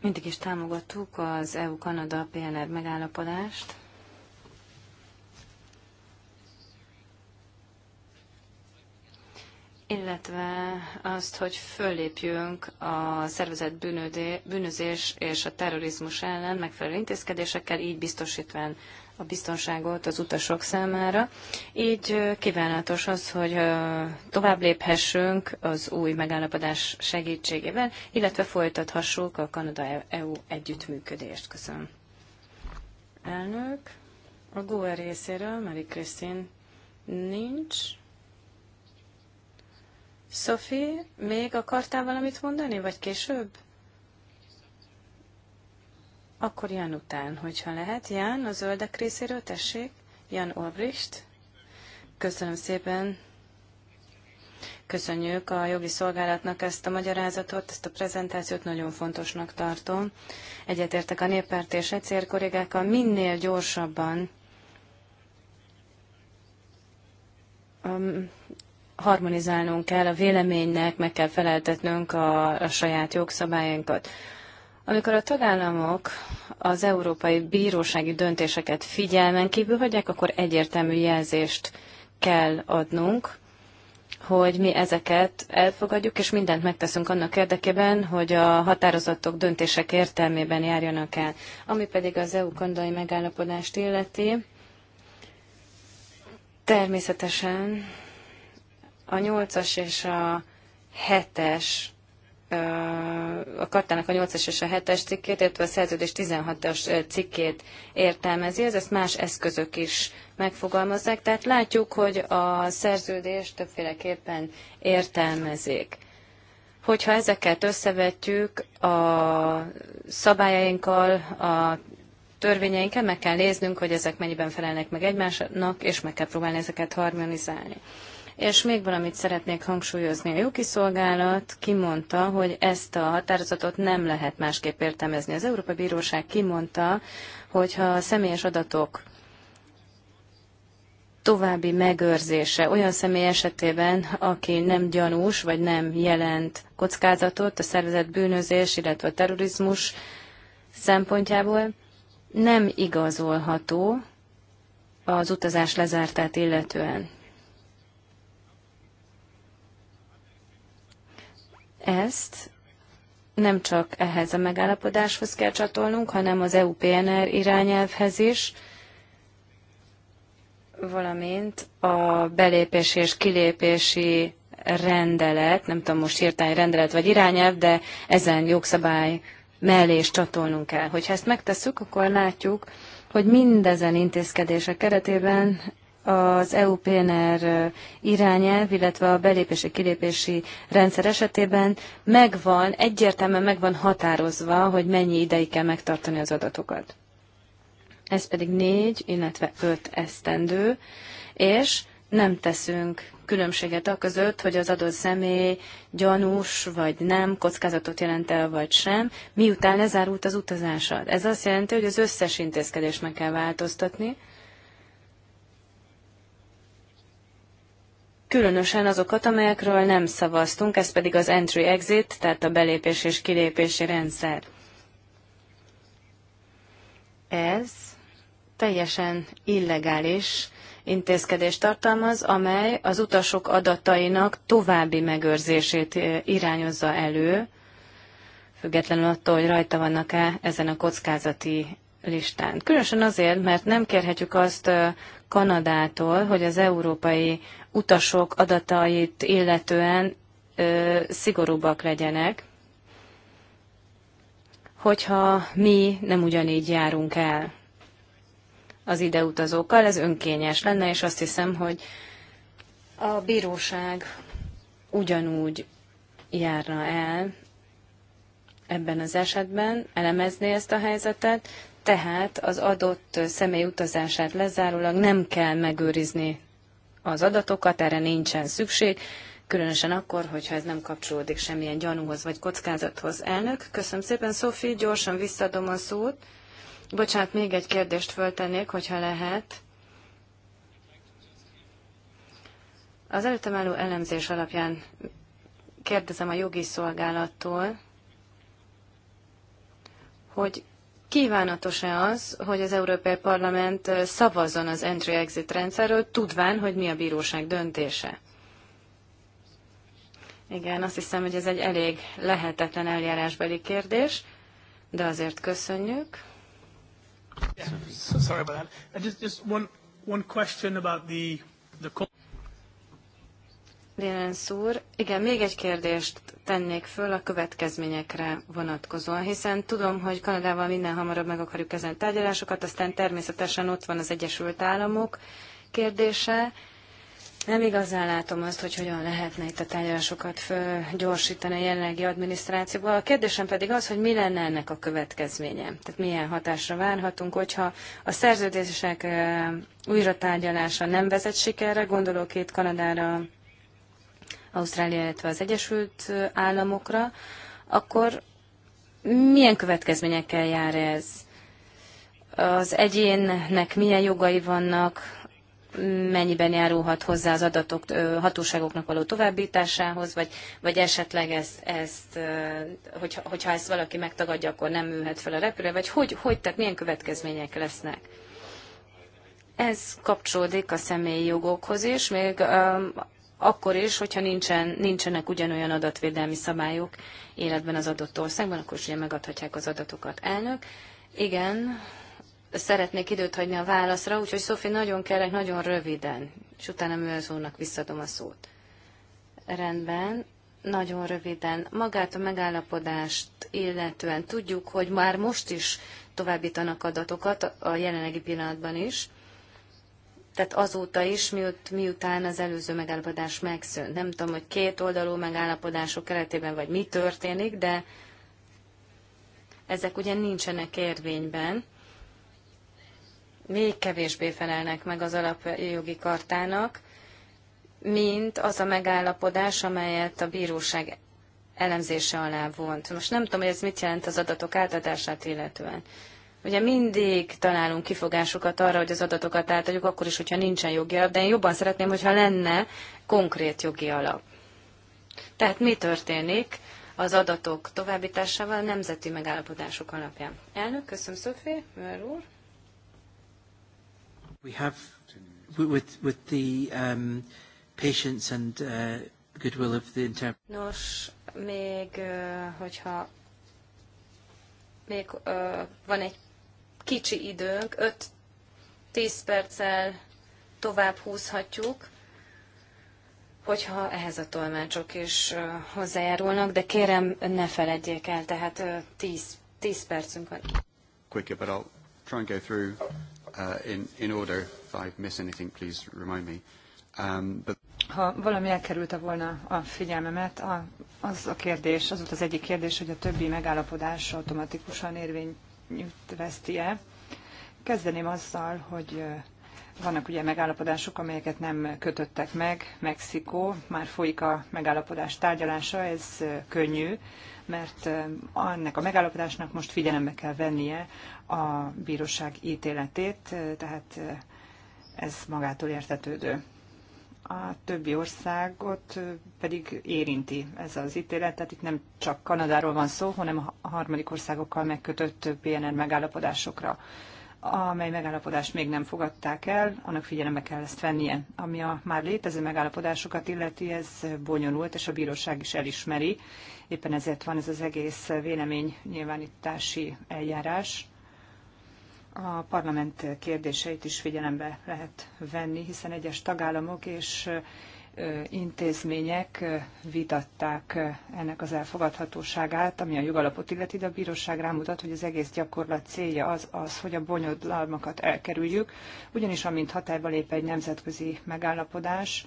Mindig is támogattuk az EU-Kanada PNR megállapodást, illetve azt, hogy föllépjünk a szervezett bűnözés és a terrorizmus ellen megfelelő intézkedésekkel, így biztosítván a biztonságot az utasok számára. Így kívánatos az, hogy tovább léphessünk az új megállapodás segítségével, illetve folytathassuk a Kanada-EU együttműködést. Köszönöm. Elnök, a GUE részéről Mary Christine nincs. Sophie, még akartál valamit mondani, vagy később? Akkor Jan után, hogyha lehet. Jan, a zöldek részéről, tessék. Jan Olbricht. Köszönöm szépen. Köszönjük a jogi szolgálatnak ezt a magyarázatot, ezt a prezentációt nagyon fontosnak tartom. Egyetértek a néppárt és egyszer kollégákkal, minél gyorsabban um, harmonizálnunk kell a véleménynek, meg kell feleltetnünk a, a saját jogszabályainkat. Amikor a tagállamok az európai bírósági döntéseket figyelmen kívül hagyják, akkor egyértelmű jelzést kell adnunk, hogy mi ezeket elfogadjuk, és mindent megteszünk annak érdekében, hogy a határozatok döntések értelmében járjanak el. Ami pedig az EU-kandai megállapodást illeti, természetesen a nyolcas és a hetes a kartának a nyolcas és a hetes cikkét, illetve a szerződés 16-as cikkét értelmezi, ez ezt más eszközök is megfogalmazzák. Tehát látjuk, hogy a szerződést többféleképpen értelmezik. Hogyha ezeket összevetjük a szabályainkkal, a törvényeinkkel, meg kell néznünk, hogy ezek mennyiben felelnek meg egymásnak, és meg kell próbálni ezeket harmonizálni. És még valamit szeretnék hangsúlyozni. A jogiszolgálat kimondta, hogy ezt a határozatot nem lehet másképp értelmezni. Az Európai Bíróság kimondta, hogyha a személyes adatok további megőrzése olyan személy esetében, aki nem gyanús vagy nem jelent kockázatot a szervezet bűnözés, illetve a terrorizmus szempontjából, nem igazolható az utazás lezártát illetően. Ezt nem csak ehhez a megállapodáshoz kell csatolnunk, hanem az EU-PNR irányelvhez is, valamint a belépési és kilépési rendelet, nem tudom most hirtelen rendelet vagy irányelv, de ezen jogszabály mellé is csatolnunk kell. Hogyha ezt megtesszük, akkor látjuk, hogy mindezen intézkedések keretében az EU-PNR irányelv, illetve a belépési-kilépési rendszer esetében megvan, egyértelműen megvan határozva, hogy mennyi ideig kell megtartani az adatokat. Ez pedig négy, illetve öt esztendő, és nem teszünk különbséget a között, hogy az adott személy gyanús vagy nem, kockázatot jelent el vagy sem, miután lezárult az utazásad. Ez azt jelenti, hogy az összes intézkedést meg kell változtatni, különösen azokat, amelyekről nem szavaztunk, ez pedig az entry-exit, tehát a belépés és kilépési rendszer. Ez teljesen illegális intézkedést tartalmaz, amely az utasok adatainak további megőrzését eh, irányozza elő, függetlenül attól, hogy rajta vannak-e ezen a kockázati listán. Különösen azért, mert nem kérhetjük azt Kanadától, hogy az európai utasok adatait illetően ö, szigorúbbak legyenek, hogyha mi nem ugyanígy járunk el az ideutazókkal, ez önkényes lenne, és azt hiszem, hogy a bíróság ugyanúgy járna el ebben az esetben, elemezné ezt a helyzetet, tehát az adott személy utazását lezárólag nem kell megőrizni az adatokat, erre nincsen szükség, különösen akkor, hogyha ez nem kapcsolódik semmilyen gyanúhoz vagy kockázathoz. Elnök, köszönöm szépen, Szofi, gyorsan visszadom a szót. Bocsánat, még egy kérdést föltennék, hogyha lehet. Az előttem álló elemzés alapján kérdezem a jogi szolgálattól, hogy kívánatos-e az, hogy az Európai Parlament szavazzon az entry-exit rendszerről, tudván, hogy mi a bíróság döntése? Igen, azt hiszem, hogy ez egy elég lehetetlen eljárásbeli kérdés, de azért köszönjük. Yeah, so sorry about that. Just, just one, one question about the, the... Lénensz úr, igen, még egy kérdést tennék föl a következményekre vonatkozóan, hiszen tudom, hogy Kanadával minden hamarabb meg akarjuk kezdeni tárgyalásokat, aztán természetesen ott van az Egyesült Államok kérdése. Nem igazán látom azt, hogy hogyan lehetne itt a tárgyalásokat gyorsítani a jelenlegi adminisztrációval. A kérdésem pedig az, hogy mi lenne ennek a következménye. Tehát milyen hatásra várhatunk, hogyha a szerződések újra tárgyalása nem vezet sikerre, gondolok itt Kanadára, Ausztrália, illetve az Egyesült Államokra, akkor milyen következményekkel jár ez? Az egyénnek milyen jogai vannak, mennyiben járulhat hozzá az adatok hatóságoknak való továbbításához, vagy, vagy esetleg ezt, ezt hogyha, hogyha ezt valaki megtagadja, akkor nem ülhet fel a repülőre, vagy hogy, hogy, tehát milyen következmények lesznek? Ez kapcsolódik a személyi jogokhoz is, még akkor is, hogyha nincsen, nincsenek ugyanolyan adatvédelmi szabályok életben az adott országban, akkor is ugye megadhatják az adatokat. Elnök, igen, szeretnék időt hagyni a válaszra, úgyhogy Szofi, nagyon kérlek, nagyon röviden, és utána Mőz visszadom a szót. Rendben, nagyon röviden. Magát a megállapodást illetően tudjuk, hogy már most is továbbítanak adatokat, a jelenlegi pillanatban is tehát azóta is, miut, miután az előző megállapodás megszűnt. Nem tudom, hogy két oldalú megállapodások keretében vagy mi történik, de ezek ugye nincsenek érvényben. Még kevésbé felelnek meg az alapjogi kartának, mint az a megállapodás, amelyet a bíróság elemzése alá vont. Most nem tudom, hogy ez mit jelent az adatok átadását illetően. Ugye mindig találunk kifogásokat arra, hogy az adatokat átadjuk, akkor is, hogyha nincsen jogi alap, de én jobban szeretném, hogyha lenne konkrét jogi alap. Tehát mi történik az adatok továbbításával a nemzeti megállapodások alapján? Elnök, köszönöm, Szofé, Mör úr. We have, with, with the um, patience and uh, goodwill of the inter- Nos, még hogyha még uh, van egy kicsi időnk, 5-10 perccel tovább húzhatjuk, hogyha ehhez a tolmácsok is hozzájárulnak, de kérem, ne feledjék el, tehát 10, 10 percünk van. Quicker, but I'll try and go through uh, in, in order. If I miss anything, please remind me. Um, but... Ha valami elkerülte volna a figyelmemet, a, az a kérdés, az volt az egyik kérdés, hogy a többi megállapodás automatikusan érvény Nyújt e Kezdeném azzal, hogy vannak ugye megállapodások, amelyeket nem kötöttek meg. Mexikó, már folyik a megállapodás tárgyalása, ez könnyű, mert annak a megállapodásnak most figyelembe kell vennie a bíróság ítéletét, tehát ez magától értetődő a többi országot pedig érinti ez az ítélet, tehát itt nem csak Kanadáról van szó, hanem a harmadik országokkal megkötött PNR megállapodásokra, amely megállapodást még nem fogadták el, annak figyelembe kell ezt vennie. Ami a már létező megállapodásokat illeti, ez bonyolult, és a bíróság is elismeri. Éppen ezért van ez az egész vélemény nyilvánítási eljárás a parlament kérdéseit is figyelembe lehet venni, hiszen egyes tagállamok és intézmények vitatták ennek az elfogadhatóságát, ami a jogalapot illeti, de a bíróság rámutat, hogy az egész gyakorlat célja az, az hogy a bonyodalmakat elkerüljük, ugyanis amint hatályba lép egy nemzetközi megállapodás,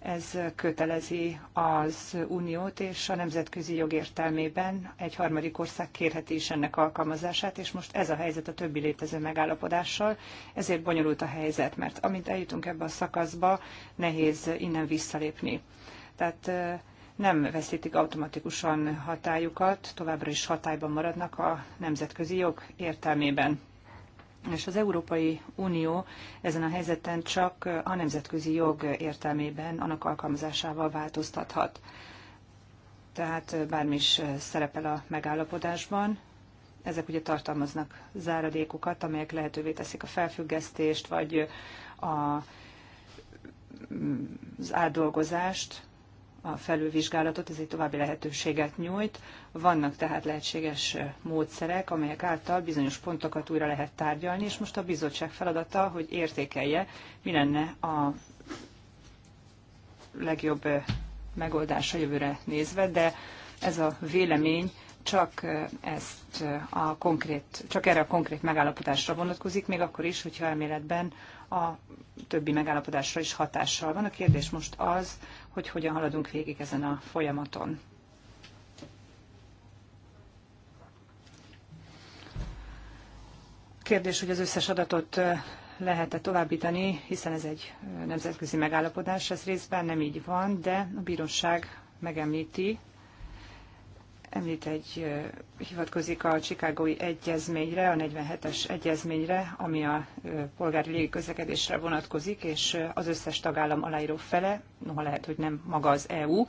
ez kötelezi az Uniót, és a nemzetközi jog értelmében egy harmadik ország kérheti is ennek alkalmazását, és most ez a helyzet a többi létező megállapodással, ezért bonyolult a helyzet, mert amint eljutunk ebbe a szakaszba, nehéz innen visszalépni. Tehát nem veszítik automatikusan hatájukat, továbbra is hatályban maradnak a nemzetközi jog értelmében és az Európai Unió ezen a helyzeten csak a nemzetközi jog értelmében annak alkalmazásával változtathat. Tehát bármi is szerepel a megállapodásban, ezek ugye tartalmaznak záradékokat, amelyek lehetővé teszik a felfüggesztést, vagy a, mm, az átdolgozást, a felülvizsgálatot, ez egy további lehetőséget nyújt. Vannak tehát lehetséges módszerek, amelyek által bizonyos pontokat újra lehet tárgyalni, és most a bizottság feladata, hogy értékelje, mi lenne a legjobb megoldás a jövőre nézve, de ez a vélemény csak ezt a konkrét, csak erre a konkrét megállapodásra vonatkozik, még akkor is, hogyha elméletben a többi megállapodásra is hatással van. A kérdés most az, hogy hogyan haladunk végig ezen a folyamaton. Kérdés, hogy az összes adatot lehet-e továbbítani, hiszen ez egy nemzetközi megállapodás, ez részben nem így van, de a bíróság megemlíti, említ egy, hivatkozik a Csikágói Egyezményre, a 47-es egyezményre, ami a polgári légiközlekedésre vonatkozik, és az összes tagállam aláíró fele, noha lehet, hogy nem maga az EU,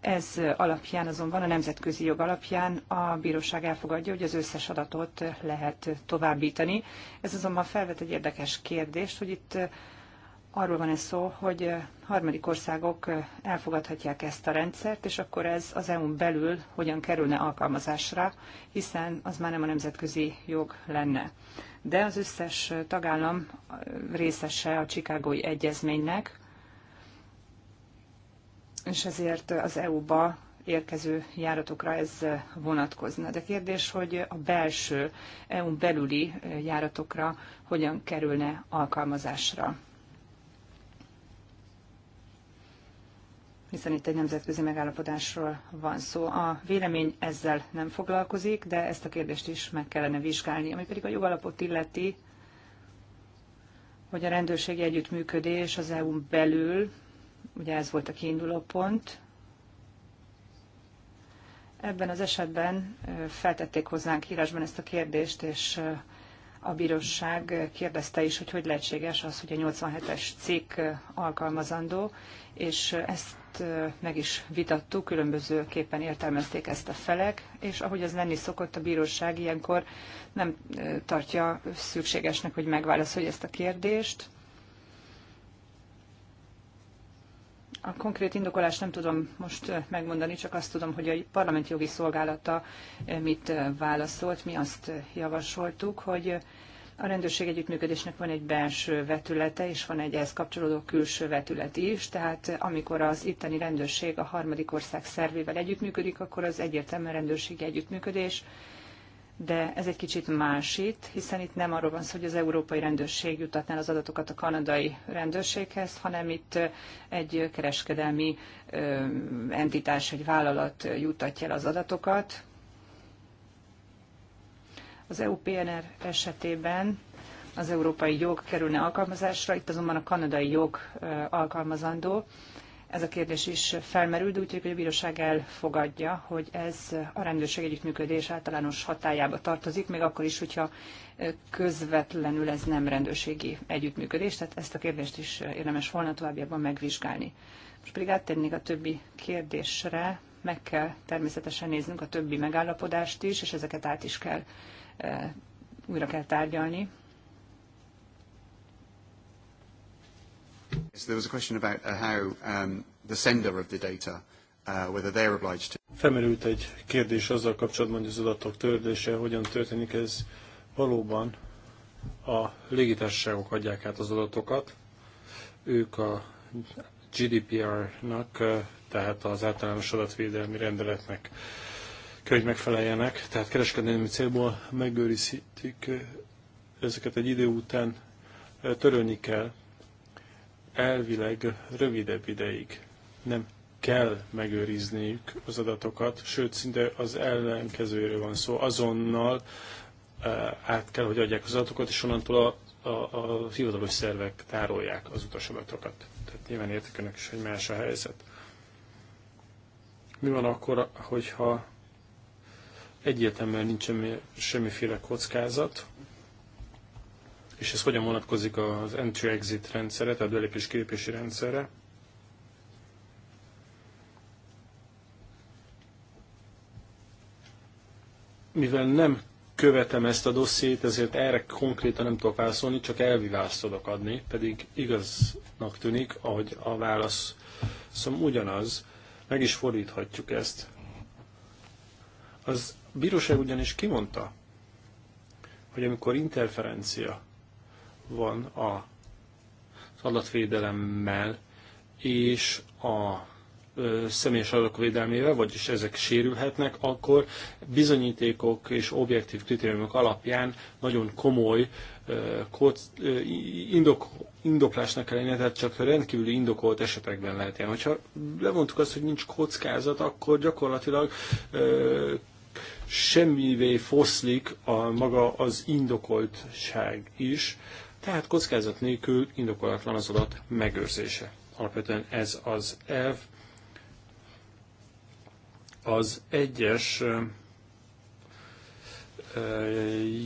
ez alapján azonban a nemzetközi jog alapján a bíróság elfogadja, hogy az összes adatot lehet továbbítani. Ez azonban felvet egy érdekes kérdést, hogy itt arról van ez szó, hogy eh, harmadik országok eh, elfogadhatják ezt a rendszert, és akkor ez az eu belül hogyan kerülne alkalmazásra, hiszen az már nem a nemzetközi jog lenne. De az összes eh, tagállam részese a Csikágói Egyezménynek, és ezért az EU-ba érkező járatokra ez vonatkozna. De kérdés, hogy a belső, EU-n belüli járatokra hogyan kerülne alkalmazásra. hiszen itt egy nemzetközi megállapodásról van szó. A vélemény ezzel nem foglalkozik, de ezt a kérdést is meg kellene vizsgálni. Ami pedig a jogalapot illeti, hogy a rendőrségi együttműködés az EU-n belül, ugye ez volt a kiinduló pont, ebben az esetben feltették hozzánk írásban ezt a kérdést, és a bíróság kérdezte is, hogy hogy lehetséges az, hogy a 87-es cikk alkalmazandó, és ezt meg is vitattuk, különbözőképpen értelmezték ezt a felek, és ahogy az lenni szokott, a bíróság ilyenkor nem tartja szükségesnek, hogy megválaszolja ezt a kérdést, A konkrét indokolást nem tudom most megmondani, csak azt tudom, hogy a parlament jogi szolgálata mit válaszolt. Mi azt javasoltuk, hogy a rendőrség együttműködésnek van egy belső vetülete, és van egy ehhez kapcsolódó külső vetület is, tehát amikor az itteni rendőrség a harmadik ország szervével együttműködik, akkor az egyértelműen rendőrségi együttműködés, de ez egy kicsit másít, hiszen itt nem arról van szó, hogy az európai rendőrség jutatná az adatokat a kanadai rendőrséghez, hanem itt egy kereskedelmi entitás, egy vállalat jutatja el az adatokat. Az EU-PNR esetében az európai jog kerülne alkalmazásra, itt azonban a kanadai jog alkalmazandó, ez a kérdés is felmerült, de úgy tűnik, hogy a bíróság elfogadja, hogy ez a rendőrség együttműködés általános hatájába tartozik, még akkor is, hogyha közvetlenül ez nem rendőrségi együttműködés, tehát ezt a kérdést is érdemes volna továbbiakban megvizsgálni. Most pedig áttérnék a többi kérdésre, meg kell természetesen néznünk a többi megállapodást is, és ezeket át is kell újra kell tárgyalni. there was a question about uh, how um, the sender of the data, uh, whether they're obliged to. Felmerült egy kérdés azzal kapcsolatban, hogy az adatok törlése hogyan történik. Ez valóban a légitársaságok adják át az adatokat. Ők a GDPR-nak, uh, tehát az általános adatvédelmi rendeletnek kell, hogy megfeleljenek. Tehát kereskedelmi célból megőrizhetik uh, ezeket egy idő után uh, törölni kell, elvileg rövidebb ideig nem kell megőrizniük az adatokat, sőt, szinte az ellenkezőről van szó. Azonnal eh, át kell, hogy adják az adatokat, és onnantól a, a, a hivatalos szervek tárolják az adatokat. Tehát nyilván értik önök is, hogy más a helyzet. Mi van akkor, hogyha egyértelműen nincsen semmiféle kockázat, és ez hogyan vonatkozik az entry-exit rendszerre, tehát belépés-kilépési rendszerre. Mivel nem követem ezt a dossziét, ezért erre konkrétan nem tudok válaszolni, csak elvi választ tudok adni, pedig igaznak tűnik, ahogy a válasz szóval ugyanaz, meg is fordíthatjuk ezt. Az bíróság ugyanis kimondta, hogy amikor interferencia van a adatvédelemmel és a személyes adatok védelmével, vagyis ezek sérülhetnek, akkor bizonyítékok és objektív kritériumok alapján nagyon komoly indok, indoklásnak kell lennie, tehát csak rendkívüli indokolt esetekben lehet ilyen. Hogyha lemondtuk azt, hogy nincs kockázat, akkor gyakorlatilag semmivé foszlik a maga az indokoltság is. Tehát kockázat nélkül indokolatlan az adat megőrzése. Alapvetően ez az elv az egyes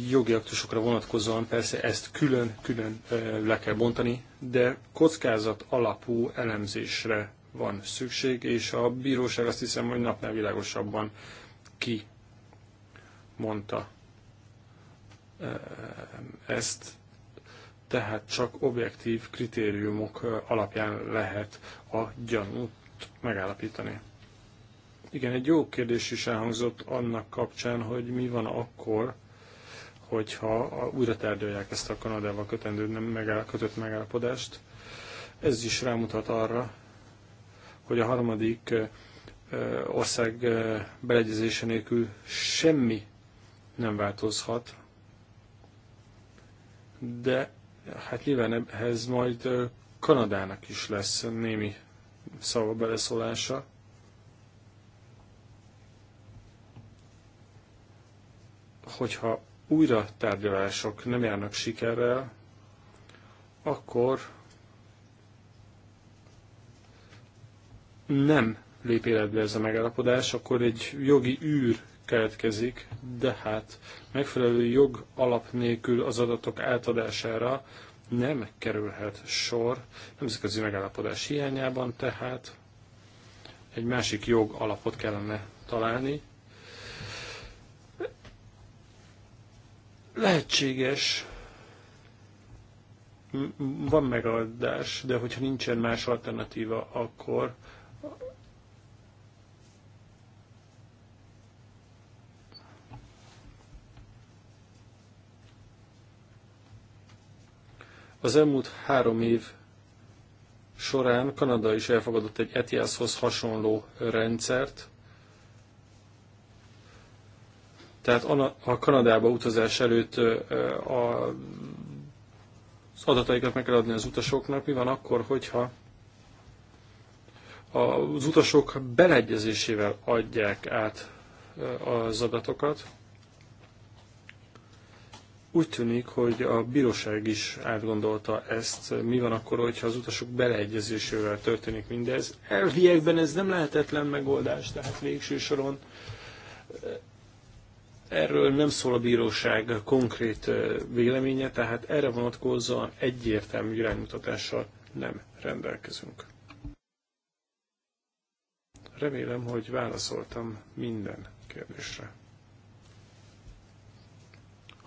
jogi aktusokra vonatkozóan persze ezt külön-külön le kell bontani, de kockázat alapú elemzésre van szükség, és a bíróság azt hiszem, hogy napnál világosabban ki mondta ezt tehát csak objektív kritériumok alapján lehet a gyanút megállapítani. Igen, egy jó kérdés is elhangzott annak kapcsán, hogy mi van akkor, hogyha újra tárgyalják ezt a Kanadával kötendő, nem megáll, kötött megállapodást. Ez is rámutat arra, hogy a harmadik ország beleegyezése nélkül semmi nem változhat, de Hát nyilván ehhez majd Kanadának is lesz némi szava beleszólása. Hogyha újra tárgyalások nem járnak sikerrel, akkor nem lép életbe ez a megállapodás, akkor egy jogi űr keletkezik, de hát megfelelő jog alap nélkül az adatok átadására nem kerülhet sor nemzetközi megállapodás hiányában, tehát egy másik jog alapot kellene találni. Lehetséges, van megoldás, de hogyha nincsen más alternatíva, akkor Az elmúlt három év során Kanada is elfogadott egy ETIAS-hoz hasonló rendszert, tehát a Kanadába utazás előtt a, az adataikat meg kell adni az utasoknak. Mi van akkor, hogyha az utasok beleegyezésével adják át az adatokat? Úgy tűnik, hogy a bíróság is átgondolta ezt, mi van akkor, hogyha az utasok beleegyezésével történik mindez. Elviekben ez nem lehetetlen megoldás, tehát végső soron eh, erről nem szól a bíróság konkrét eh, véleménye, tehát erre vonatkozóan egyértelmű iránymutatással nem rendelkezünk. Remélem, hogy válaszoltam minden kérdésre.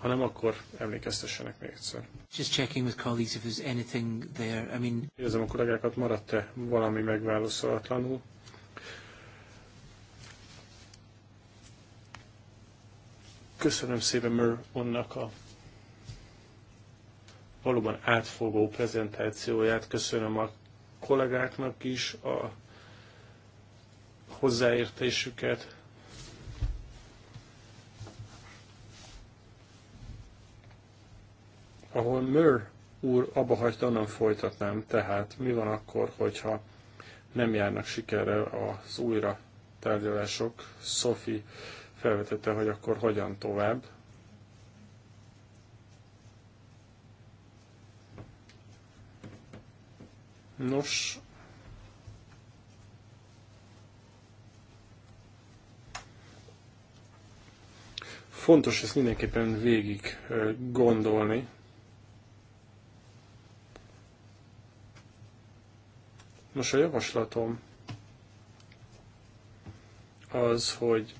Hanem akkor emlékeztessenek még egyszer. Just checking with colleagues if there's anything there. I mean... Érzem a kollégákat, maradt-e valami megválaszolatlanul? Köszönöm szépen Mör onnak a valóban átfogó prezentációját. Köszönöm a kollégáknak is a hozzáértésüket, ahol Mör úr abba hagyta, onnan folytatnám. Tehát mi van akkor, hogyha nem járnak sikerrel az újra tárgyalások? Szofi felvetette, hogy akkor hogyan tovább. Nos, fontos ezt mindenképpen végig eh, gondolni, Nos, a javaslatom az, hogy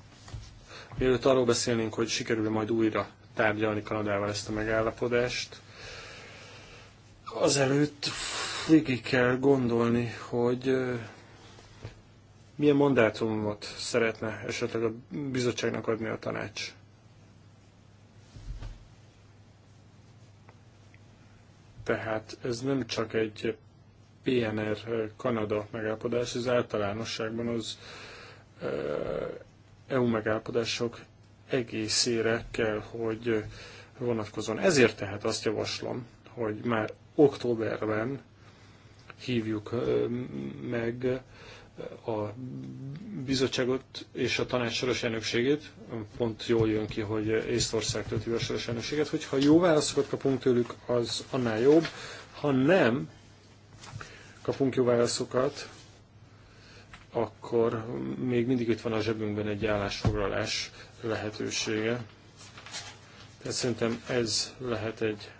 mielőtt arról beszélnénk, hogy sikerül majd újra tárgyalni Kanadával ezt a megállapodást, azelőtt végig kell gondolni, hogy milyen mandátumot szeretne esetleg a bizottságnak adni a tanács. Tehát ez nem csak egy PNR-Kanada eh, megállapodás, az általánosságban az EU eh, e megállapodások egészére kell, hogy vonatkozon. Ezért tehát azt javaslom, hogy már októberben hívjuk eh, meg a bizottságot és a tanács soros elnökségét, pont jól jön ki, hogy Észtország tölti a soros elnökséget, hogyha jó válaszokat kapunk tőlük, az annál jobb, ha nem, kapunk jó válaszokat, akkor még mindig itt van a zsebünkben egy állásfoglalás lehetősége. Tehát szerintem ez lehet egy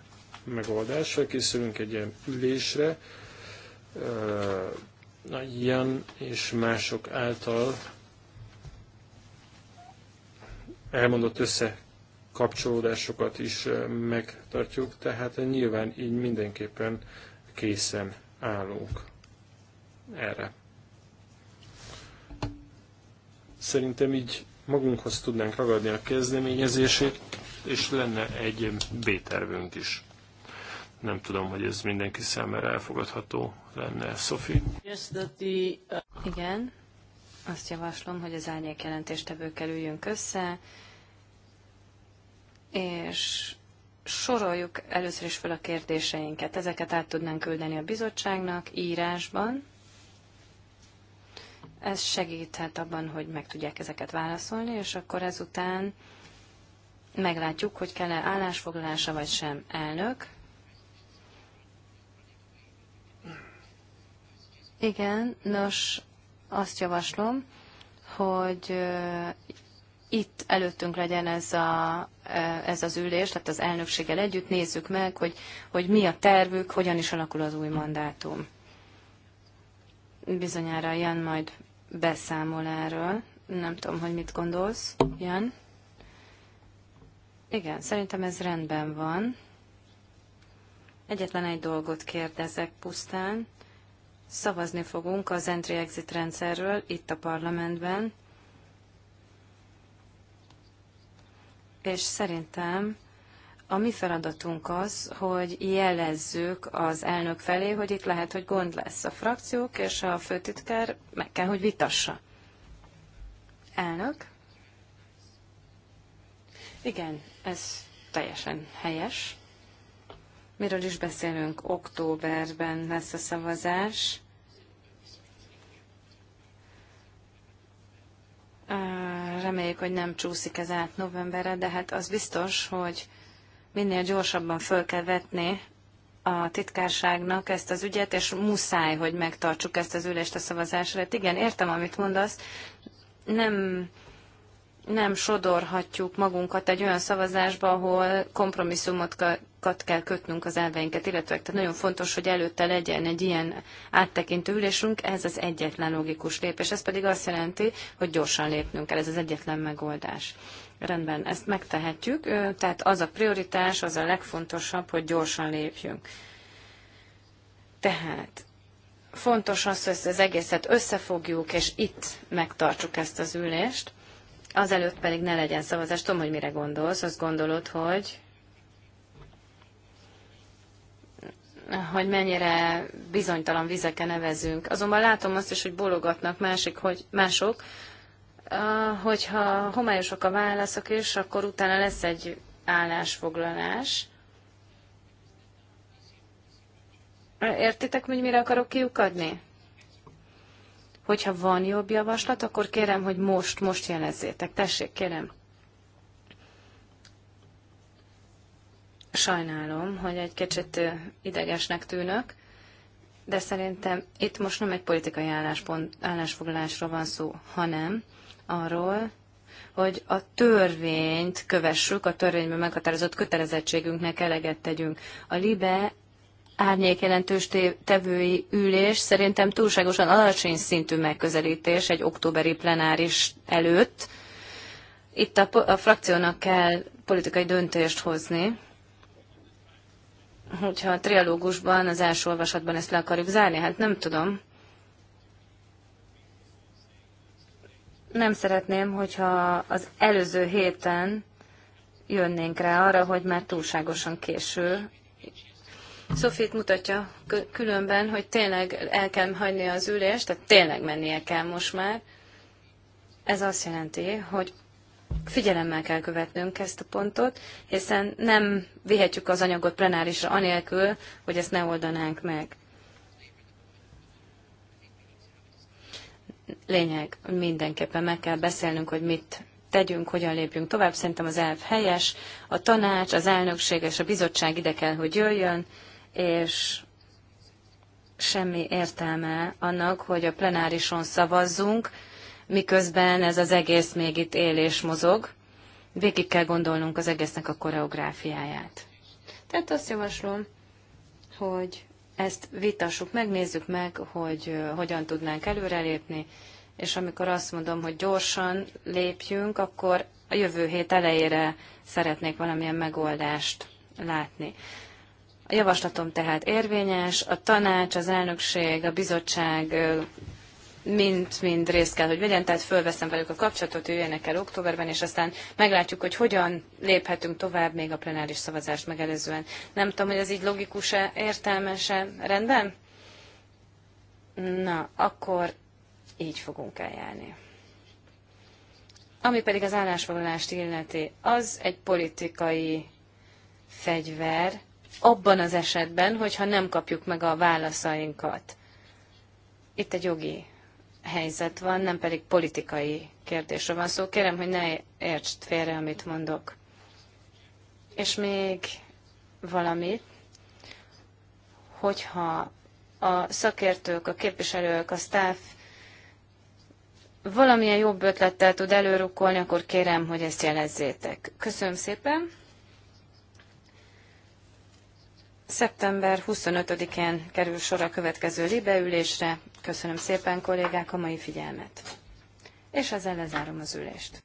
megoldás. Felkészülünk egy ilyen ülésre, ilyen és mások által elmondott összekapcsolódásokat is megtartjuk, tehát nyilván így mindenképpen készen állunk erre. Szerintem így magunkhoz tudnánk ragadni a kezdeményezését, és lenne egy B-tervünk is. Nem tudom, hogy ez mindenki számára elfogadható lenne, Szofi. Yes, the... Uh, Igen, azt javaslom, hogy az árnyék jelentéstevő kerüljünk össze, és soroljuk először is fel a kérdéseinket. Ezeket át tudnánk küldeni a bizottságnak írásban. Ez segíthet abban, hogy meg tudják ezeket válaszolni, és akkor ezután meglátjuk, hogy kell-e állásfoglalása vagy sem elnök. Igen, nos, azt javaslom, hogy itt előttünk legyen ez a Eh, ez az ülés, tehát az elnökséggel együtt nézzük meg, hogy, hogy mi a tervük, hogyan is alakul az új mandátum. Bizonyára Jan majd beszámol erről. Nem tudom, hogy mit gondolsz, Jan. Igen, szerintem ez rendben van. Egyetlen egy dolgot kérdezek pusztán. Szavazni fogunk az entry-exit rendszerről itt a parlamentben. és szerintem a mi feladatunk az, hogy jelezzük az elnök felé, hogy itt lehet, hogy gond lesz. A frakciók és a főtitkár meg kell, hogy vitassa. Elnök? Igen, ez teljesen helyes. Miről is beszélünk? Októberben lesz a szavazás. Reméljük, hogy nem csúszik ez át novemberre, de hát az biztos, hogy minél gyorsabban föl kell vetni a titkárságnak ezt az ügyet, és muszáj, hogy megtartsuk ezt az ülést a szavazásra. Hát igen, értem, amit mondasz. Nem, nem sodorhatjuk magunkat egy olyan szavazásba, ahol kompromisszumot kat kell kötnünk az elveinket, illetve tehát nagyon fontos, hogy előtte legyen egy ilyen áttekintő ülésünk, ez az egyetlen logikus lépés. Ez pedig azt jelenti, hogy gyorsan lépnünk kell, ez az egyetlen megoldás. Rendben, ezt megtehetjük, tehát az a prioritás, az a legfontosabb, hogy gyorsan lépjünk. Tehát fontos az, hogy ezt az egészet összefogjuk, és itt megtartsuk ezt az ülést, azelőtt pedig ne legyen szavazás. Tudom, hogy mire gondolsz, azt gondolod, hogy hogy mennyire bizonytalan vizeken nevezünk. Azonban látom azt is, hogy bologatnak másik, hogy mások, hogyha homályosak a válaszok is, akkor utána lesz egy állásfoglalás. Értitek, hogy mire akarok kiukadni? Hogyha van jobb javaslat, akkor kérem, hogy most, most jelezzétek. Tessék, kérem. Sajnálom, hogy egy kicsit idegesnek tűnök, de szerintem itt most nem egy politikai álláspont, állásfoglalásról van szó, hanem arról, hogy a törvényt kövessük, a törvényben meghatározott kötelezettségünknek eleget tegyünk. A LIBE árnyék jelentős tevői ülés szerintem túlságosan alacsony szintű megközelítés egy októberi plenáris előtt. Itt a, a frakciónak kell politikai döntést hozni, hogyha a trialógusban, az első olvasatban ezt le akarjuk zárni, hát nem tudom. Nem szeretném, hogyha az előző héten jönnénk rá arra, hogy már túlságosan késő. Sofit mutatja különben, hogy tényleg el kell hagyni az ülést, tehát tényleg mennie kell most már. Ez azt jelenti, hogy figyelemmel kell követnünk ezt a pontot, hiszen nem vihetjük az anyagot plenárisra anélkül, hogy ezt ne oldanánk meg. Lényeg, mindenképpen meg kell beszélnünk, hogy mit tegyünk, hogyan lépjünk tovább. Szerintem az elv helyes, a tanács, az elnökség és a bizottság ide kell, hogy jöjjön, és semmi értelme annak, hogy a plenárison szavazzunk, miközben ez az egész még itt él és mozog. Végig kell gondolnunk az egésznek a koreográfiáját. Tehát azt javaslom, hogy ezt vitassuk, megnézzük meg, hogy hogyan tudnánk előrelépni, és amikor azt mondom, hogy gyorsan lépjünk, akkor a jövő hét elejére szeretnék valamilyen megoldást látni. A javaslatom tehát érvényes, a tanács, az elnökség, a bizottság mind-mind részt kell, hogy vegyen, tehát fölveszem velük a kapcsolatot, jöjjenek el októberben, és aztán meglátjuk, hogy hogyan léphetünk tovább még a plenáris szavazást megelőzően. Nem tudom, hogy ez így logikus-e, értelmes-e, rendben? Na, akkor így fogunk eljárni. Ami pedig az állásfoglalást illeti, az egy politikai fegyver, abban az esetben, hogyha nem kapjuk meg a válaszainkat. Itt egy jogi helyzet van, nem pedig politikai kérdésről van szó. Szóval kérem, hogy ne értsd félre, amit mondok. És még valamit, hogyha a szakértők, a képviselők, a staff valamilyen jobb ötlettel tud előrukkolni, akkor kérem, hogy ezt jelezzétek. Köszönöm szépen! Szeptember 25-én kerül sor a következő libeülésre. Köszönöm szépen kollégák a mai figyelmet. És ezzel lezárom az ülést.